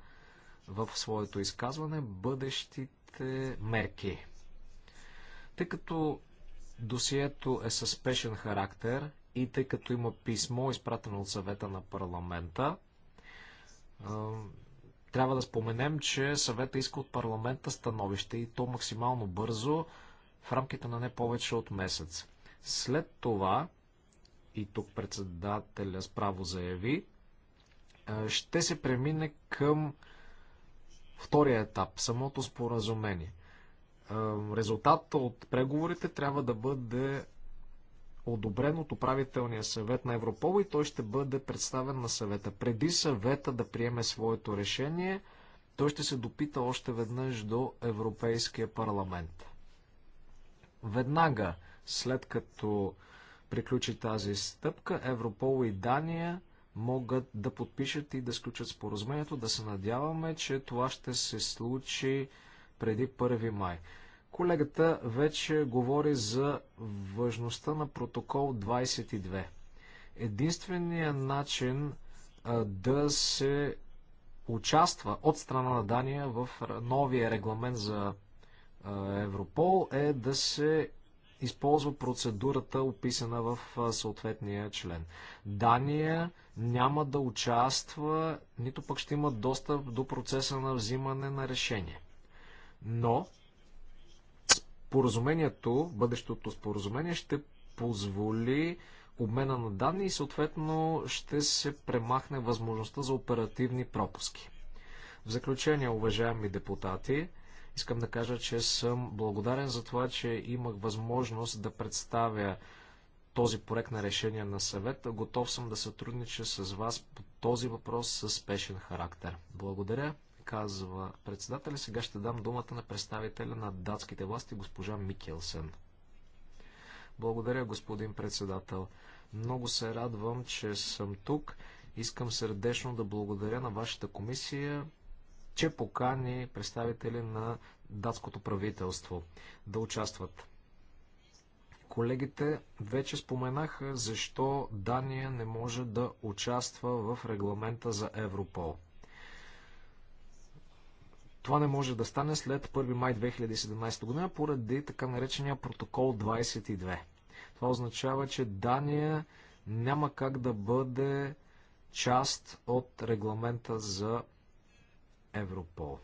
в своето изказване бъдещите мерки. Тъй като досието е със спешен характер и тъй като има писмо, изпратено от съвета на парламента, трябва да споменем, че съвета иска от парламента становище и то максимално бързо, в рамките на не повече от месец. След това и тук председателя справо заяви, ще се премине към втория етап, самото споразумение. Резултата от преговорите трябва да бъде одобрен от управителния съвет на Европол и той ще бъде представен на съвета. Преди съвета да приеме своето решение, той ще се допита още веднъж до Европейския парламент. Веднага след като приключи тази стъпка, Европол и Дания могат да подпишат и да сключат споразумението. Да се надяваме, че това ще се случи преди 1 май. Колегата вече говори за важността на протокол 22. Единственият начин а, да се участва от страна на Дания в новия регламент за Европол е да се използва процедурата, описана в съответния член. Дания няма да участва, нито пък ще има достъп до процеса на взимане на решение. Но споразумението, бъдещото споразумение ще позволи обмена на данни и съответно ще се премахне възможността за оперативни пропуски. В заключение, уважаеми депутати, Искам да кажа, че съм благодарен за това, че имах възможност да представя този проект на решение на съвета. Готов съм да сътруднича с вас по този въпрос с спешен характер. Благодаря, казва председателя. Сега ще дам думата на представителя на датските власти, госпожа Микелсен. Благодаря, господин председател. Много се радвам, че съм тук. Искам сърдечно да благодаря на вашата комисия че покани представители на датското правителство да участват. Колегите вече споменаха защо Дания не може да участва в регламента за Европол. Това не може да стане след 1 май 2017 година поради така наречения протокол 22. Това означава, че Дания няма как да бъде част от регламента за Европол.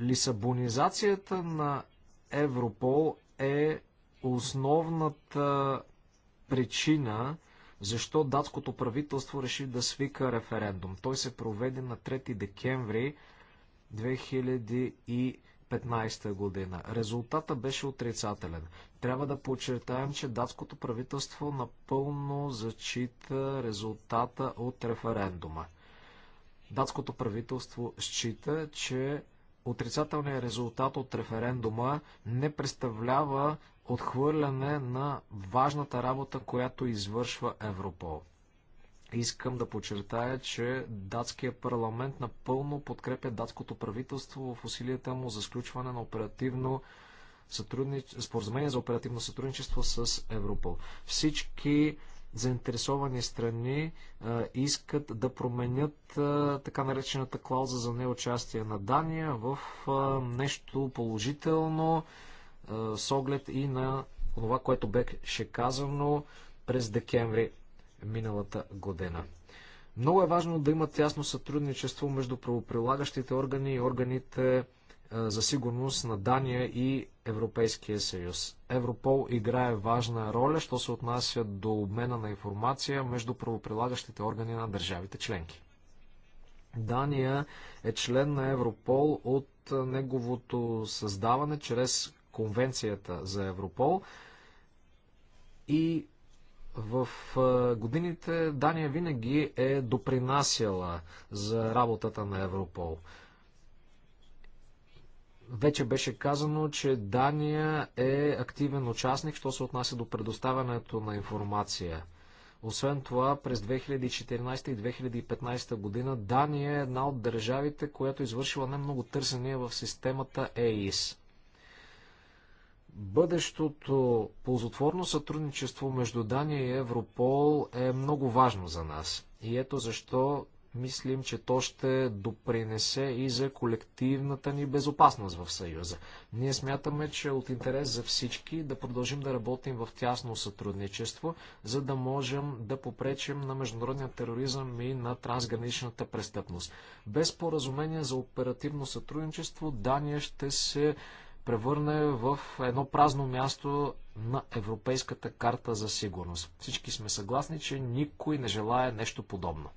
Лисабонизацията на Европол е основната причина, защо датското правителство реши да свика референдум. Той се проведе на 3 декември 2015 година. Резултата беше отрицателен. Трябва да подчертаем, че датското правителство напълно зачита резултата от референдума. Датското правителство счита, че отрицателният резултат от референдума не представлява отхвърляне на важната работа, която извършва Европол. Искам да подчертая, че датския парламент напълно подкрепя датското правителство в усилията му за сключване на оперативно споразумение за оперативно сътрудничество с Европол. Всички заинтересовани страни искат да променят така наречената клауза за неучастие на Дания в нещо положително с оглед и на това, което беше казано през декември миналата година. Много е важно да имат тясно сътрудничество между правоприлагащите органи и органите е, за сигурност на Дания и Европейския съюз. Европол играе важна роля, що се отнася до обмена на информация между правоприлагащите органи на държавите членки. Дания е член на Европол от е, неговото създаване чрез Конвенцията за Европол и в е, годините Дания винаги е допринасяла за работата на Европол. Вече беше казано, че Дания е активен участник, що се отнася до предоставянето на информация. Освен това, през 2014 и 2015 година Дания е една от държавите, която е извършила не много търсения в системата ЕИС. Бъдещото ползотворно сътрудничество между Дания и Европол е много важно за нас. И ето защо мислим, че то ще допринесе и за колективната ни безопасност в Съюза. Ние смятаме, че е от интерес за всички да продължим да работим в тясно сътрудничество, за да можем да попречим на международния тероризъм и на трансграничната престъпност. Без поразумение за оперативно сътрудничество Дания ще се превърне в едно празно място на Европейската карта за сигурност. Всички сме съгласни, че никой не желая нещо подобно.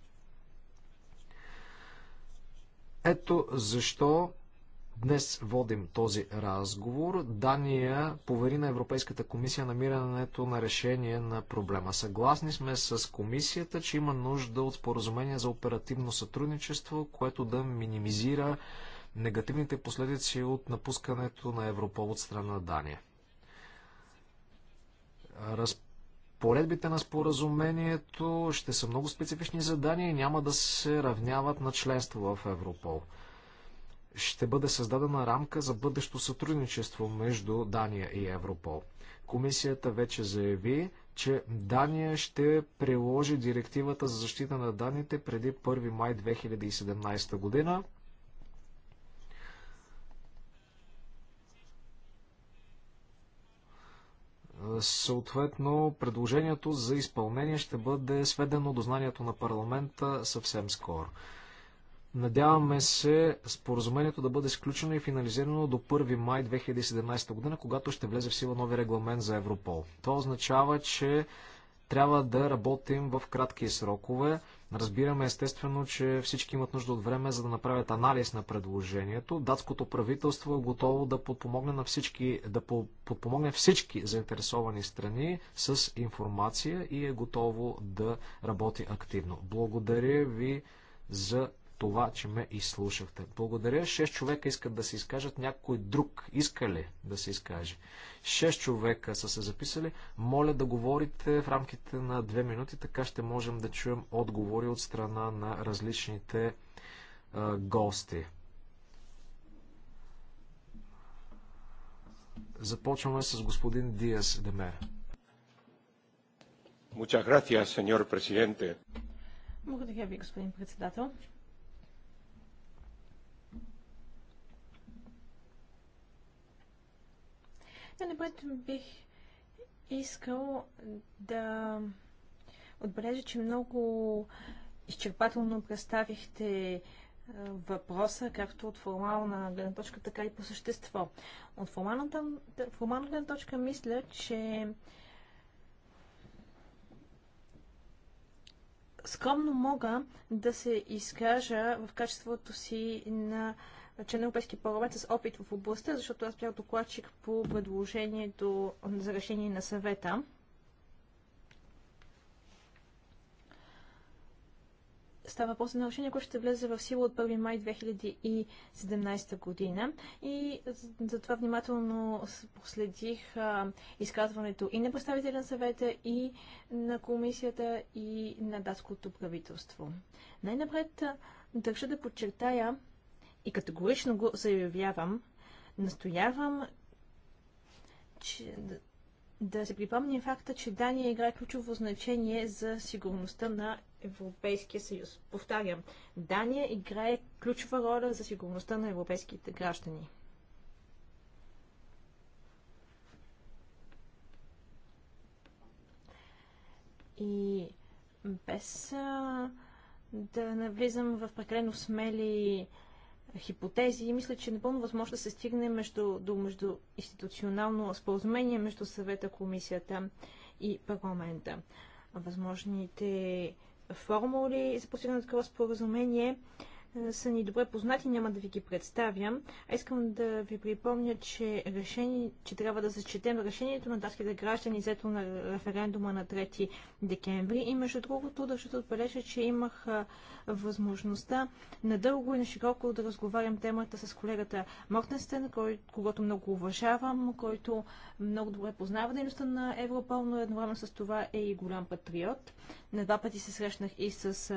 Ето защо днес водим този разговор. Дания повери на Европейската комисия намирането на решение на проблема. Съгласни сме с комисията, че има нужда от споразумение за оперативно сътрудничество, което да минимизира негативните последици от напускането на Европол от страна на Дания. Разп Поредбите на споразумението ще са много специфични задания и няма да се равняват на членство в Европол. Ще бъде създадена рамка за бъдещо сътрудничество между Дания и Европол. Комисията вече заяви, че Дания ще приложи директивата за защита на данните преди 1 май 2017 година. Съответно, предложението за изпълнение ще бъде сведено до знанието на парламента съвсем скоро. Надяваме се споразумението да бъде сключено и финализирано до 1 май 2017 година, когато ще влезе в сила нови регламент за Европол. Това означава, че трябва да работим в кратки срокове. Разбираме естествено, че всички имат нужда от време, за да направят анализ на предложението. Датското правителство е готово да подпомогне, на всички, да подпомогне всички заинтересовани страни с информация и е готово да работи активно. Благодаря ви за това, че ме изслушахте. Благодаря. Шест човека искат да се изкажат. Някой друг иска ли да се изкаже? Шест човека са се записали. Моля да говорите в рамките на две минути, така ще можем да чуем отговори от страна на различните а, гости. Започваме с господин Диас Демер. Благодаря ви, господин председател. Най-напред бих искал да отбележа, че много изчерпателно представихте въпроса, както от формална гледна точка, така и по същество. От формалната, формална гледна точка мисля, че скромно мога да се изкажа в качеството си на че на Европейски парламент с опит в областта, защото аз бях докладчик по предложението за решение на съвета. става въпрос на решение, което ще влезе в сила от 1 май 2017 година. И затова внимателно проследих а, изказването и на представителя на съвета, и на комисията, и на датското правителство. Най-напред държа да подчертая, и категорично го заявявам, настоявам че, да, да се припомни факта, че Дания играе ключово значение за сигурността на Европейския съюз. Повтарям, Дания играе ключова роля за сигурността на европейските граждани. И без а, да навлизам в прекалено смели а, хипотези и мисля, че е напълно възможно да се стигне между, до между институционално споразумение между съвета, комисията и парламента. Възможните формули за постигане на такова споразумение е, са ни добре познати, няма да ви ги представям. А искам да ви припомня, че, решение, че трябва да зачетем решението на датските граждани, взето на референдума на 3 декември. И между другото, държа да отбележа, че имах възможността надълго и на широко да разговарям темата с колегата Мортенстен, кой, когато много уважавам, който много добре познава дейността на Европол, но едновременно с това е и голям патриот. На два пъти се срещнах и с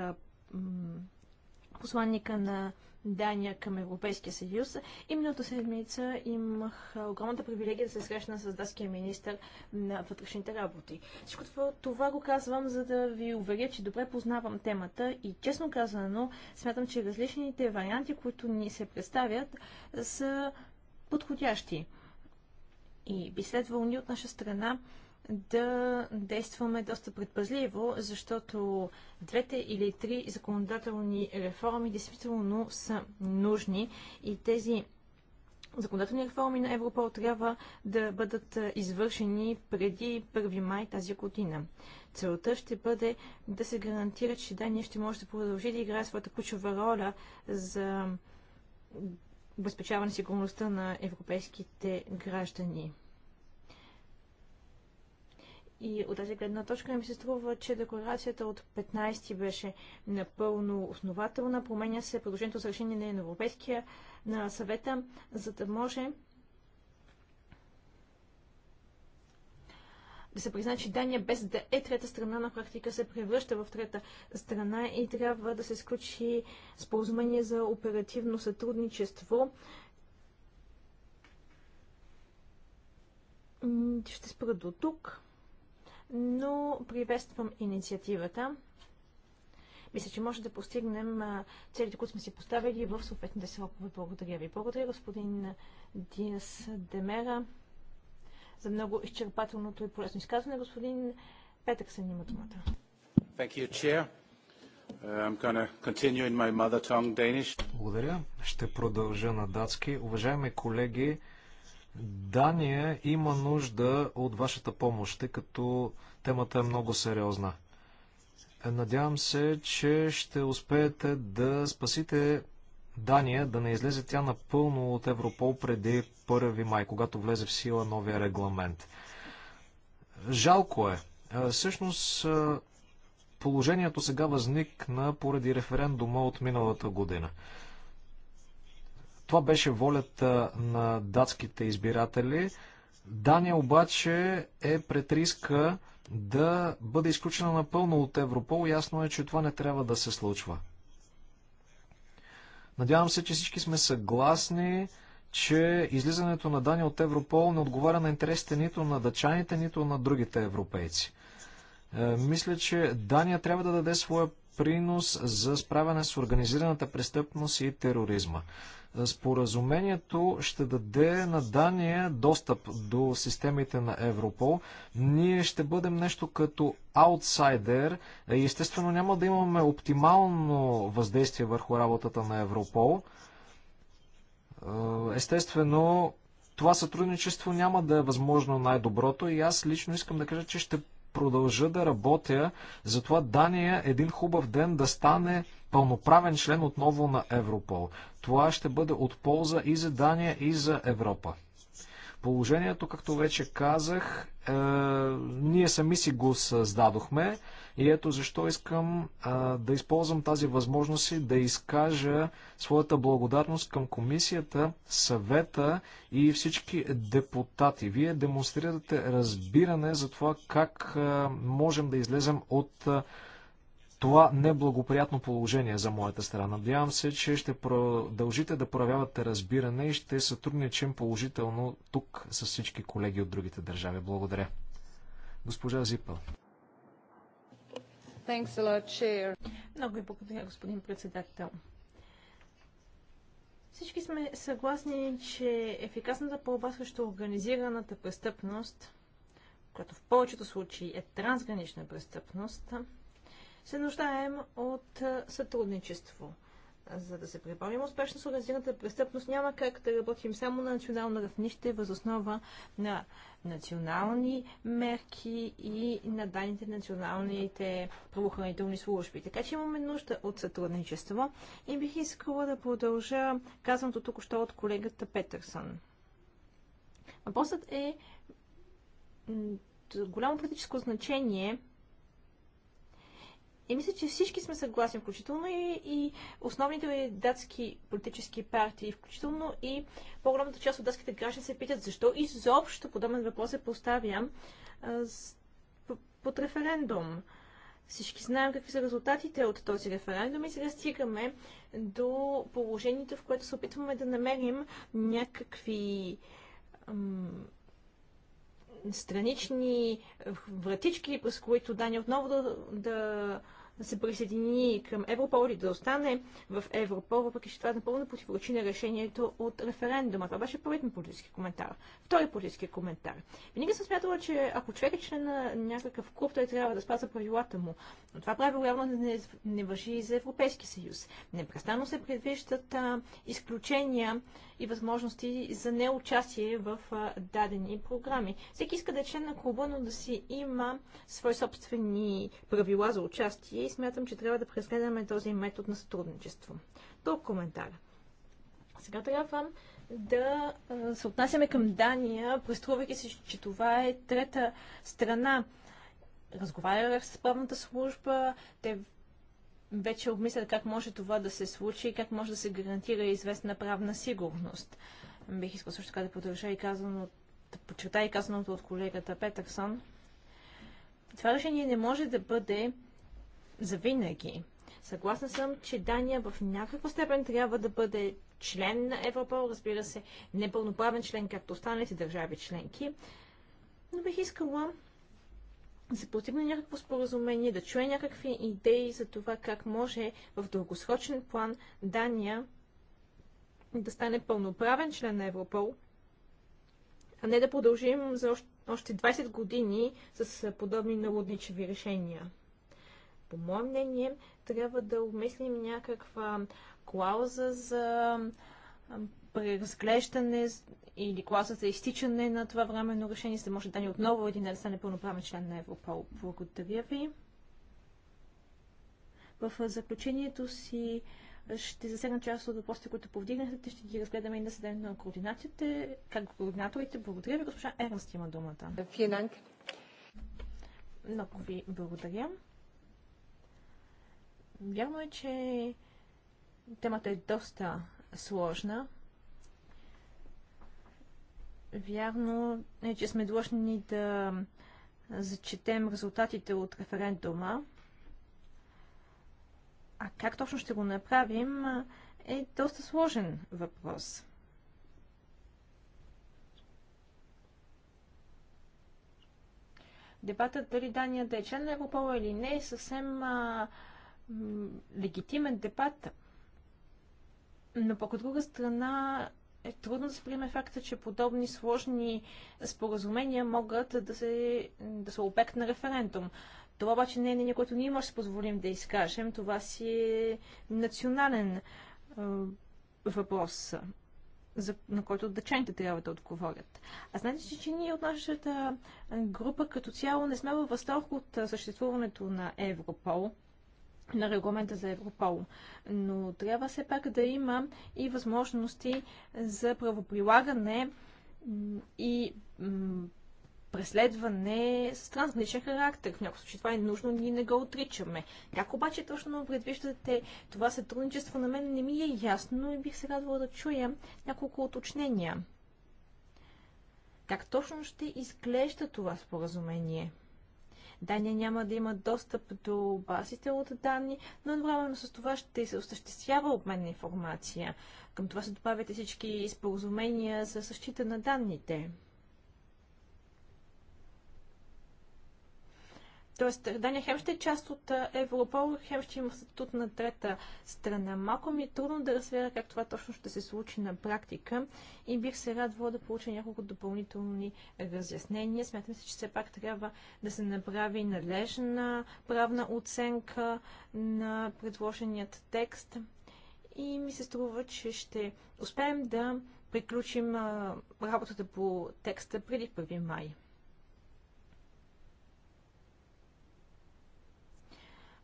посланника на Дания към Европейския съюз. И миналата седмица имах огромната привилегия да се срещна с датския министр на вътрешните работи. Всичко това, това го казвам, за да ви уверя, че добре познавам темата и честно казано, смятам, че различните варианти, които ни се представят, са подходящи. И би следвало ни от наша страна да действаме доста предпазливо, защото двете или три законодателни реформи действително са нужни и тези законодателни реформи на Европол трябва да бъдат извършени преди 1 май тази година. Целта ще бъде да се гарантира, че да, ние ще може да продължи да играе своята ключова роля за обезпечаване сигурността на европейските граждани. И от тази гледна точка ми се струва, че декларацията от 15 беше напълно основателна. Променя се предложението за решение на Европейския на съвета, за да може да се признае, че Дания без да е трета страна на практика се превръща в трета страна и трябва да се сключи споразумение за оперативно сътрудничество. Ще спра до тук но приветствам инициативата. Мисля, че може да постигнем целите, които сме си поставили в съответните срокове. Благодаря ви. Благодаря, господин Диас Демера, за много изчерпателното и полезно изказване. Господин Петък, се има думата. Thank you, Chair. Uh, I'm gonna continue in my mother tongue, Danish. Благодаря. Ще продължа на датски. Уважаеми колеги, Дания има нужда от вашата помощ, тъй като темата е много сериозна. Надявам се, че ще успеете да спасите Дания, да не излезе тя напълно от Европол преди 1 май, когато влезе в сила новия регламент. Жалко е. Всъщност, положението сега възникна поради референдума от миналата година. Това беше волята на датските избиратели. Дания обаче е пред риска да бъде изключена напълно от Европол. Ясно е, че това не трябва да се случва. Надявам се, че всички сме съгласни, че излизането на Дания от Европол не отговаря на интересите нито на дъчаните, нито на другите европейци. Е, мисля, че Дания трябва да даде своя принос за справяне с организираната престъпност и тероризма. Споразумението ще даде на Дания достъп до системите на Европол. Ние ще бъдем нещо като аутсайдер естествено няма да имаме оптимално въздействие върху работата на Европол. Естествено, това сътрудничество няма да е възможно най-доброто и аз лично искам да кажа, че ще продължа да работя за това Дания един хубав ден да стане пълноправен член отново на Европол. Това ще бъде от полза и за Дания, и за Европа. Положението, както вече казах, е, ние сами си го създадохме. И ето защо искам а, да използвам тази възможност и да изкажа своята благодарност към комисията, съвета и всички депутати. Вие демонстрирате разбиране за това как а, можем да излезем от а, това неблагоприятно положение за моята страна. Надявам се, че ще продължите да проявявате разбиране и ще сътрудничим положително тук с всички колеги от другите държави. Благодаря. Госпожа Зипа. Много ви благодаря, господин председател. Всички сме съгласни, че ефикасната борба срещу организираната престъпност, която в повечето случаи е трансгранична престъпност, се нуждаем от сътрудничество. За да се преборим успешно с организираната престъпност, няма как да работим само на национално равнище, възоснова на национални мерки и на данните на националните правоохранителни служби. Така че имаме нужда от сътрудничество и бих искала да продължа казаното тук още от колегата Петърсън. Въпросът е голямо политическо значение – и мисля, че всички сме съгласни, включително и, и основните датски политически партии, включително и по-голямата част от датските граждани се питат защо изобщо подобен въпрос се поставя под референдум. Всички знаем какви са резултатите от този референдум и сега стигаме до положението, в което се опитваме да намерим някакви ам, странични вратички, през които Дани отново да, да да се присъедини към Европол или да остане в Европол, въпреки че това е напълно противоречи на решението от референдума. Това беше първият ми политически коментар. Втори политически коментар. Винаги съм смятала, че ако човек е член на някакъв клуб, той трябва да спазва правилата му. Но това правило явно не, не въжи и за Европейски съюз. Непрестанно се предвиждат а, изключения и възможности за неучастие в а, дадени програми. Всеки иска да е член на клуба, но да си има свои собствени правила за участие и смятам, че трябва да преследваме този метод на сътрудничество. Тук коментар. Сега трябва да се отнасяме към Дания, преструвайки се, че това е трета страна. Разговарях е с правната служба, те вече обмислят как може това да се случи и как може да се гарантира известна правна сигурност. Бих искал също така да продължа и казано, да подчертая и казаното от колегата Петърсон. Това решение не може да бъде завинаги. Съгласна съм, че Дания в някаква степен трябва да бъде член на Европол, разбира се, непълноправен член, както останалите държави членки. Но бих искала да се постигне някакво споразумение, да чуе някакви идеи за това как може в дългосрочен план Дания да стане пълноправен член на Европол, а не да продължим за още 20 години с подобни налудничеви решения. По мое мнение, трябва да обмислим някаква клауза за преразглеждане или клауза за изтичане на това временно решение, за да може да ни отново един да стане пълноправен член на Европол. Благодаря ви. В заключението си ще засегна част от въпросите, които повдигнахте. Ще ги разгледаме и на седем на координатите, как координаторите. Благодаря ви, госпожа Ернст има думата. Много ви благодаря. Вярно е, че темата е доста сложна. Вярно е, че сме длъжни да зачетем резултатите от референдума. А как точно ще го направим е доста сложен въпрос. Дебатът дали Дания да е член на Европола или не е съвсем а, легитимен дебат, но пък от друга страна е трудно да се приеме факта, че подобни сложни споразумения могат да, се, да са обект на референдум. Това обаче не е нещо, което ние може да позволим да изкажем. Това си е национален е, въпрос, за, на който дъчаните трябва да отговорят. А знаете, че, че ние от нашата група като цяло не сме във възторг от съществуването на Европол на регламента за Европол. Но трябва все пак да има и възможности за правоприлагане и преследване с трансграничен характер. В някакъв случай това е нужно, ние не го отричаме. Как обаче точно предвиждате това сътрудничество на мен не ми е ясно и бих се радвала да чуя няколко уточнения. Как точно ще изглежда това споразумение? Дания няма да има достъп до базите от данни, но едновременно с това ще се осъществява обмен на информация. Към това се добавят всички споразумения за защита на данните. Тоест, Дания хем ще е част от Европол, хем ще има статут на трета страна. Малко ми е трудно да разбера как това точно ще се случи на практика и бих се радвала да получа няколко допълнителни разяснения. Смятам се, че все пак трябва да се направи надлежна правна оценка на предложеният текст и ми се струва, че ще успеем да приключим работата по текста преди 1 май.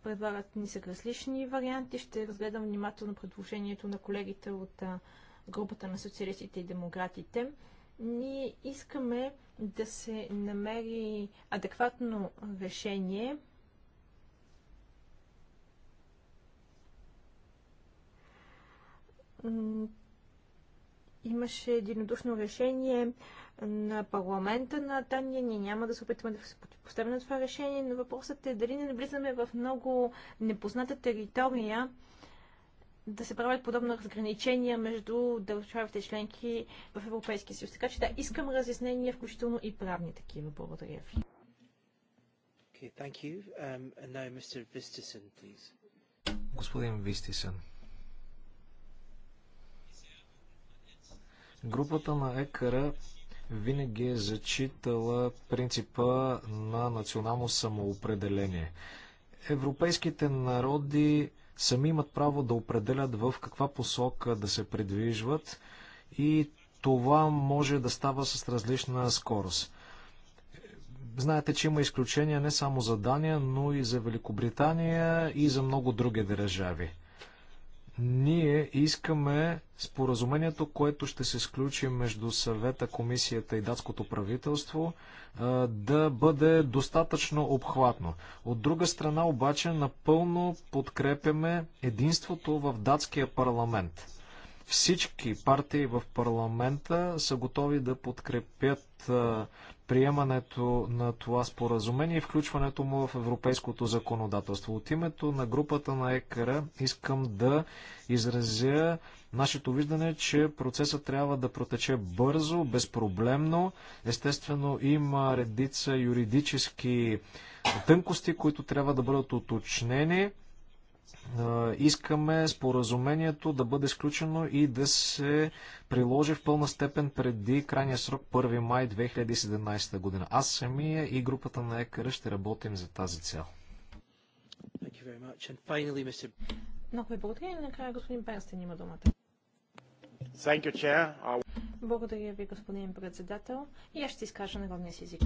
предлагат ни са различни варианти. Ще разгледам внимателно предложението на колегите от групата на социалистите и демократите. Ние искаме да се намери адекватно решение, имаше единодушно решение на парламента на Тания. Ние няма да се опитаме да се противопоставим на това решение, но въпросът е дали не навлизаме в много непозната територия да се правят подобни разграничения между държавите членки в Европейския съюз. Така че да, искам разяснения, включително и правни такива. Благодаря ви. Okay, thank you. Um, and now Mr. Vistison, please. Господин Вистисън. Групата на ЕКР винаги е зачитала принципа на национално самоопределение. Европейските народи сами имат право да определят в каква посока да се придвижват и това може да става с различна скорост. Знаете, че има изключения не само за Дания, но и за Великобритания и за много други държави. Ние искаме споразумението, което ще се сключи между съвета, комисията и датското правителство, да бъде достатъчно обхватно. От друга страна обаче напълно подкрепяме единството в датския парламент. Всички партии в парламента са готови да подкрепят приемането на това споразумение и включването му в европейското законодателство. От името на групата на ЕКР искам да изразя нашето виждане, че процесът трябва да протече бързо, безпроблемно. Естествено, има редица юридически тънкости, които трябва да бъдат уточнени искаме споразумението да бъде сключено и да се приложи в пълна степен преди крайния срок 1 май 2017 година. Аз самия и групата на ЕКР ще работим за тази цел. Много ви благодаря. и Накрая господин Берстен има думата. You, Благодаря ви, господин председател. И аз ще изкажа народния си език.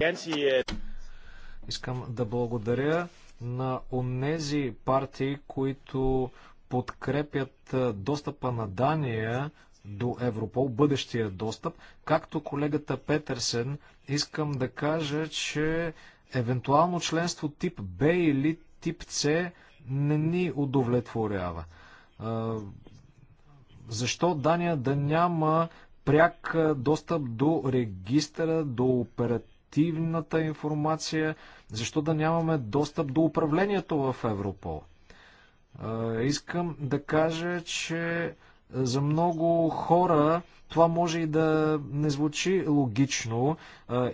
Искам да благодаря на онези партии, които подкрепят достъпа на Дания до Европол, бъдещия достъп. Както колегата Петърсен, искам да кажа, че евентуално членство тип Б или тип С не ни удовлетворява. Защо Дания да няма пряк достъп до регистъра, до оперативната обективната информация, защо да нямаме достъп до управлението в Европол? Е, искам да кажа, че за много хора това може и да не звучи логично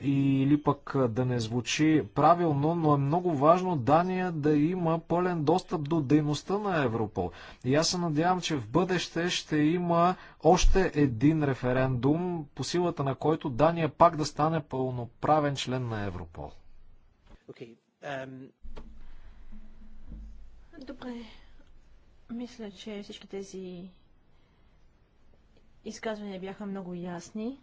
или пък да не звучи правилно, но е много важно Дания да има пълен достъп до дейността на Европол. И аз се надявам, че в бъдеще ще има още един референдум, по силата на който Дания пак да стане пълноправен член на Европол. Okay, um... Добре. Мисля, че всички тези изказвания бяха много ясни.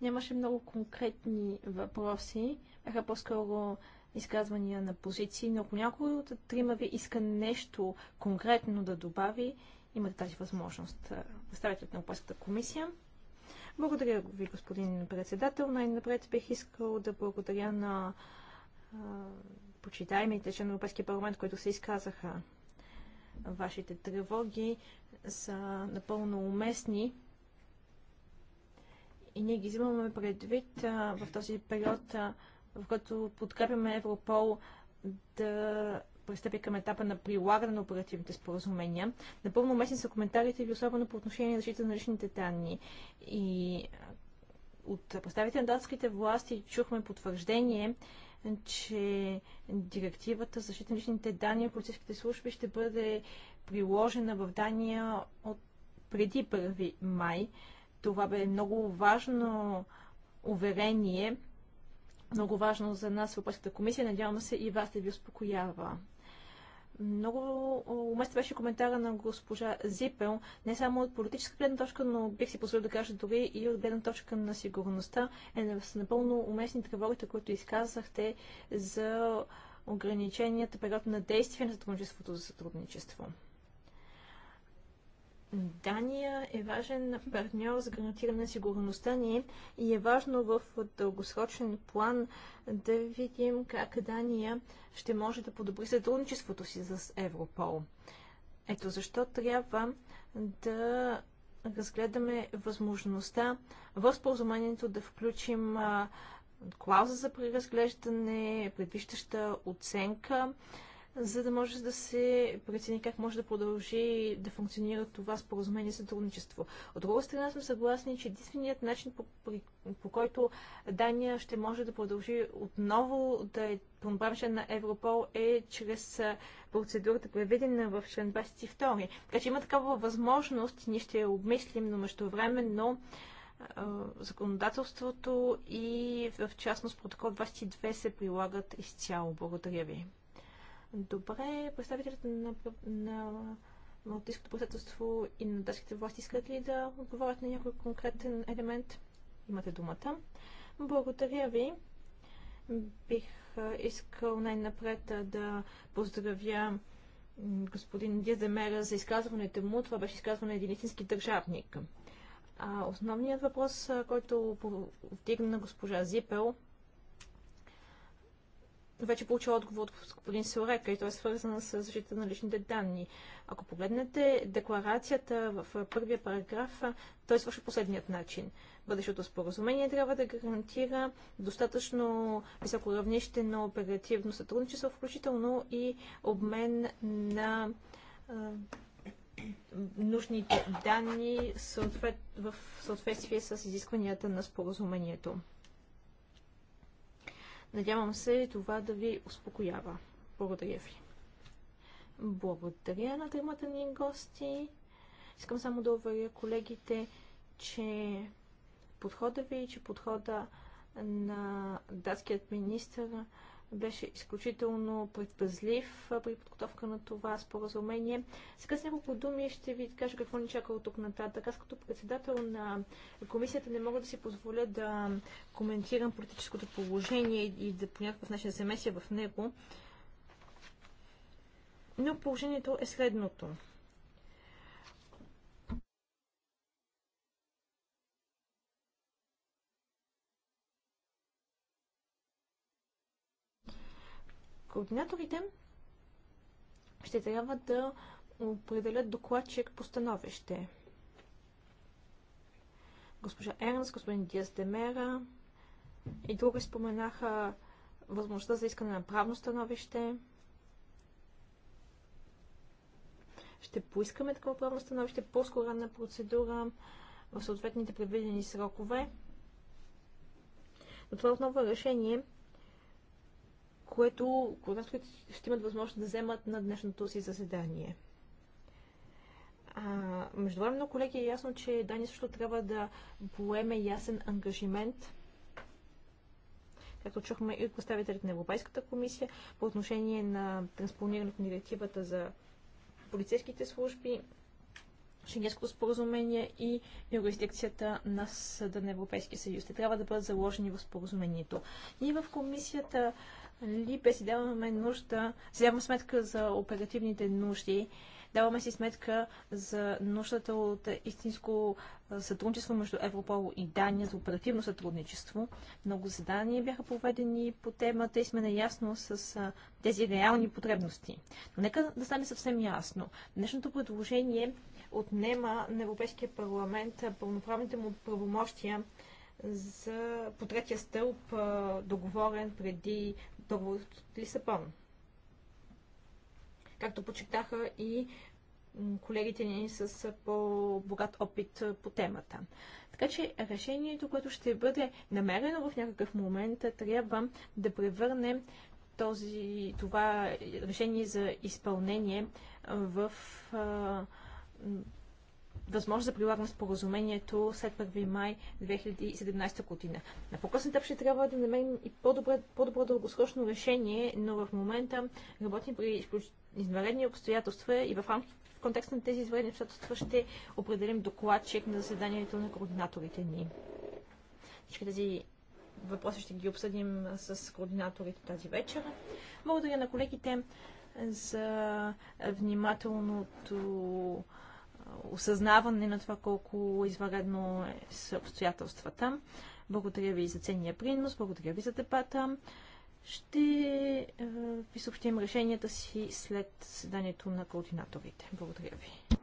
Нямаше много конкретни въпроси, бяха по-скоро изказвания на позиции, но ако някой от трима ви иска нещо конкретно да добави, имате тази възможност. Представителят на Европейската комисия. Благодаря ви, господин председател. Най-напред бих искал да благодаря на почитаемите членове на Европейския парламент, които се изказаха Вашите тревоги са напълно уместни и ние ги взимаме предвид а, в този период, а, в който подкрепяме Европол да пристъпи към етапа на прилагане на оперативните споразумения. Напълно уместни са коментарите ви, особено по отношение на защита на личните данни. И от представителите на датските власти чухме потвърждение, че директивата за защита на личните данни от полицейските служби ще бъде приложена в Дания от преди 1 май. Това бе много важно уверение, много важно за нас Европейската комисия. Надявам се и вас да ви успокоява. Много уместен беше коментара на госпожа Зипел, не само от политическа гледна точка, но бих си позволил да кажа дори и от гледна точка на сигурността. Е, са напълно уместни тревогите, които изказахте за ограниченията период на действие на сътрудничеството за сътрудничество. Дания е важен партньор за гарантиране на сигурността ни и е важно в дългосрочен план да видим как Дания ще може да подобри сътрудничеството си с Европол. Ето защо трябва да разгледаме възможността в споразумението да включим клауза за преразглеждане, предвиждаща оценка за да може да се прецени как може да продължи да функционира това споразумение сътрудничество. От друга страна сме съгласни, че единственият начин по, при, по който Дания ще може да продължи отново да е пълноправен на Европол е чрез процедурата, преведена в член 22. Така че има такава възможност, ние ще я обмислим, но междувременно законодателството и в частност протокол 22 се прилагат изцяло. Благодаря ви. Добре, представителите на, на Малтийското председателство и на датските власти искат ли да отговорят на някой конкретен елемент? Имате думата. Благодаря ви. Бих искал най-напред да поздравя господин Диземера за изказването му. Това беше изказване на един истински държавник. А основният въпрос, който повдигна госпожа Зипел, вече получил отговор от господин Сорека и той е свързан с защита на личните данни. Ако погледнете декларацията в първия параграф, той свърши последният начин. Бъдещото споразумение трябва да гарантира достатъчно високо равнище на оперативно сътрудничество, включително и обмен на нужните данни в съответствие с изискванията на споразумението. Надявам се това да ви успокоява. Благодаря ви. Благодаря на тримата ни гости. Искам само да уверя колегите, че подхода ви, че подхода на датският министр беше изключително предпазлив при подготовка на това споразумение. Сега с няколко думи ще ви кажа какво ни чака от тук нататък. Аз като председател на комисията не мога да си позволя да коментирам политическото положение и да по някакъв начин замеся в него. Но положението е следното. Координаторите ще трябва да определят докладчик по становище. Госпожа Ернс, господин Диас Демера и други споменаха възможността за искане на правно становище. Ще поискаме такова правно становище по-скоро на процедура в съответните предвидени срокове. Но това е отново е решение което което ще имат възможност да вземат на днешното си заседание. А, междувременно, колеги, е ясно, че Дани също трябва да поеме ясен ангажимент, както чухме и от представителите на Европейската комисия, по отношение на транспонирането на директивата за полицейските служби, Шенгенското споразумение и юрисдикцията на Съда на Европейския съюз. Те трябва да бъдат заложени в споразумението. Ние в комисията Либе си даваме нужда, си даваме сметка за оперативните нужди, даваме си сметка за нуждата от истинско сътрудничество между Европол и Дания за оперативно сътрудничество. Много задания бяха проведени по темата и сме наясно с тези реални потребности. Но нека да стане съвсем ясно. Днешното предложение отнема на Европейския парламент пълноправните му правомощия за по третия стълб, договорен преди договор от Лисапон. Както почитаха и колегите ни с по-богат опит по темата. Така че решението, което ще бъде намерено в някакъв момент, трябва да превърне този, това решение за изпълнение в а, възможност за прилагане на споразумението след 1 май 2017 година. На по-късен етап ще трябва да намерим и по-добро, по-добро дългосрочно решение, но в момента работим при извънредни обстоятелства и в рамките в контекст на тези извънредни обстоятелства ще определим докладчик на заседанието на координаторите ни. Всички тези въпроси ще ги обсъдим с координаторите тази вечер. Благодаря на колегите за внимателното осъзнаване на това колко извънредно е са обстоятелствата. Благодаря ви за ценния принос, благодаря ви за дебата. Ще е, ви съобщим решенията си след заседанието на координаторите. Благодаря ви.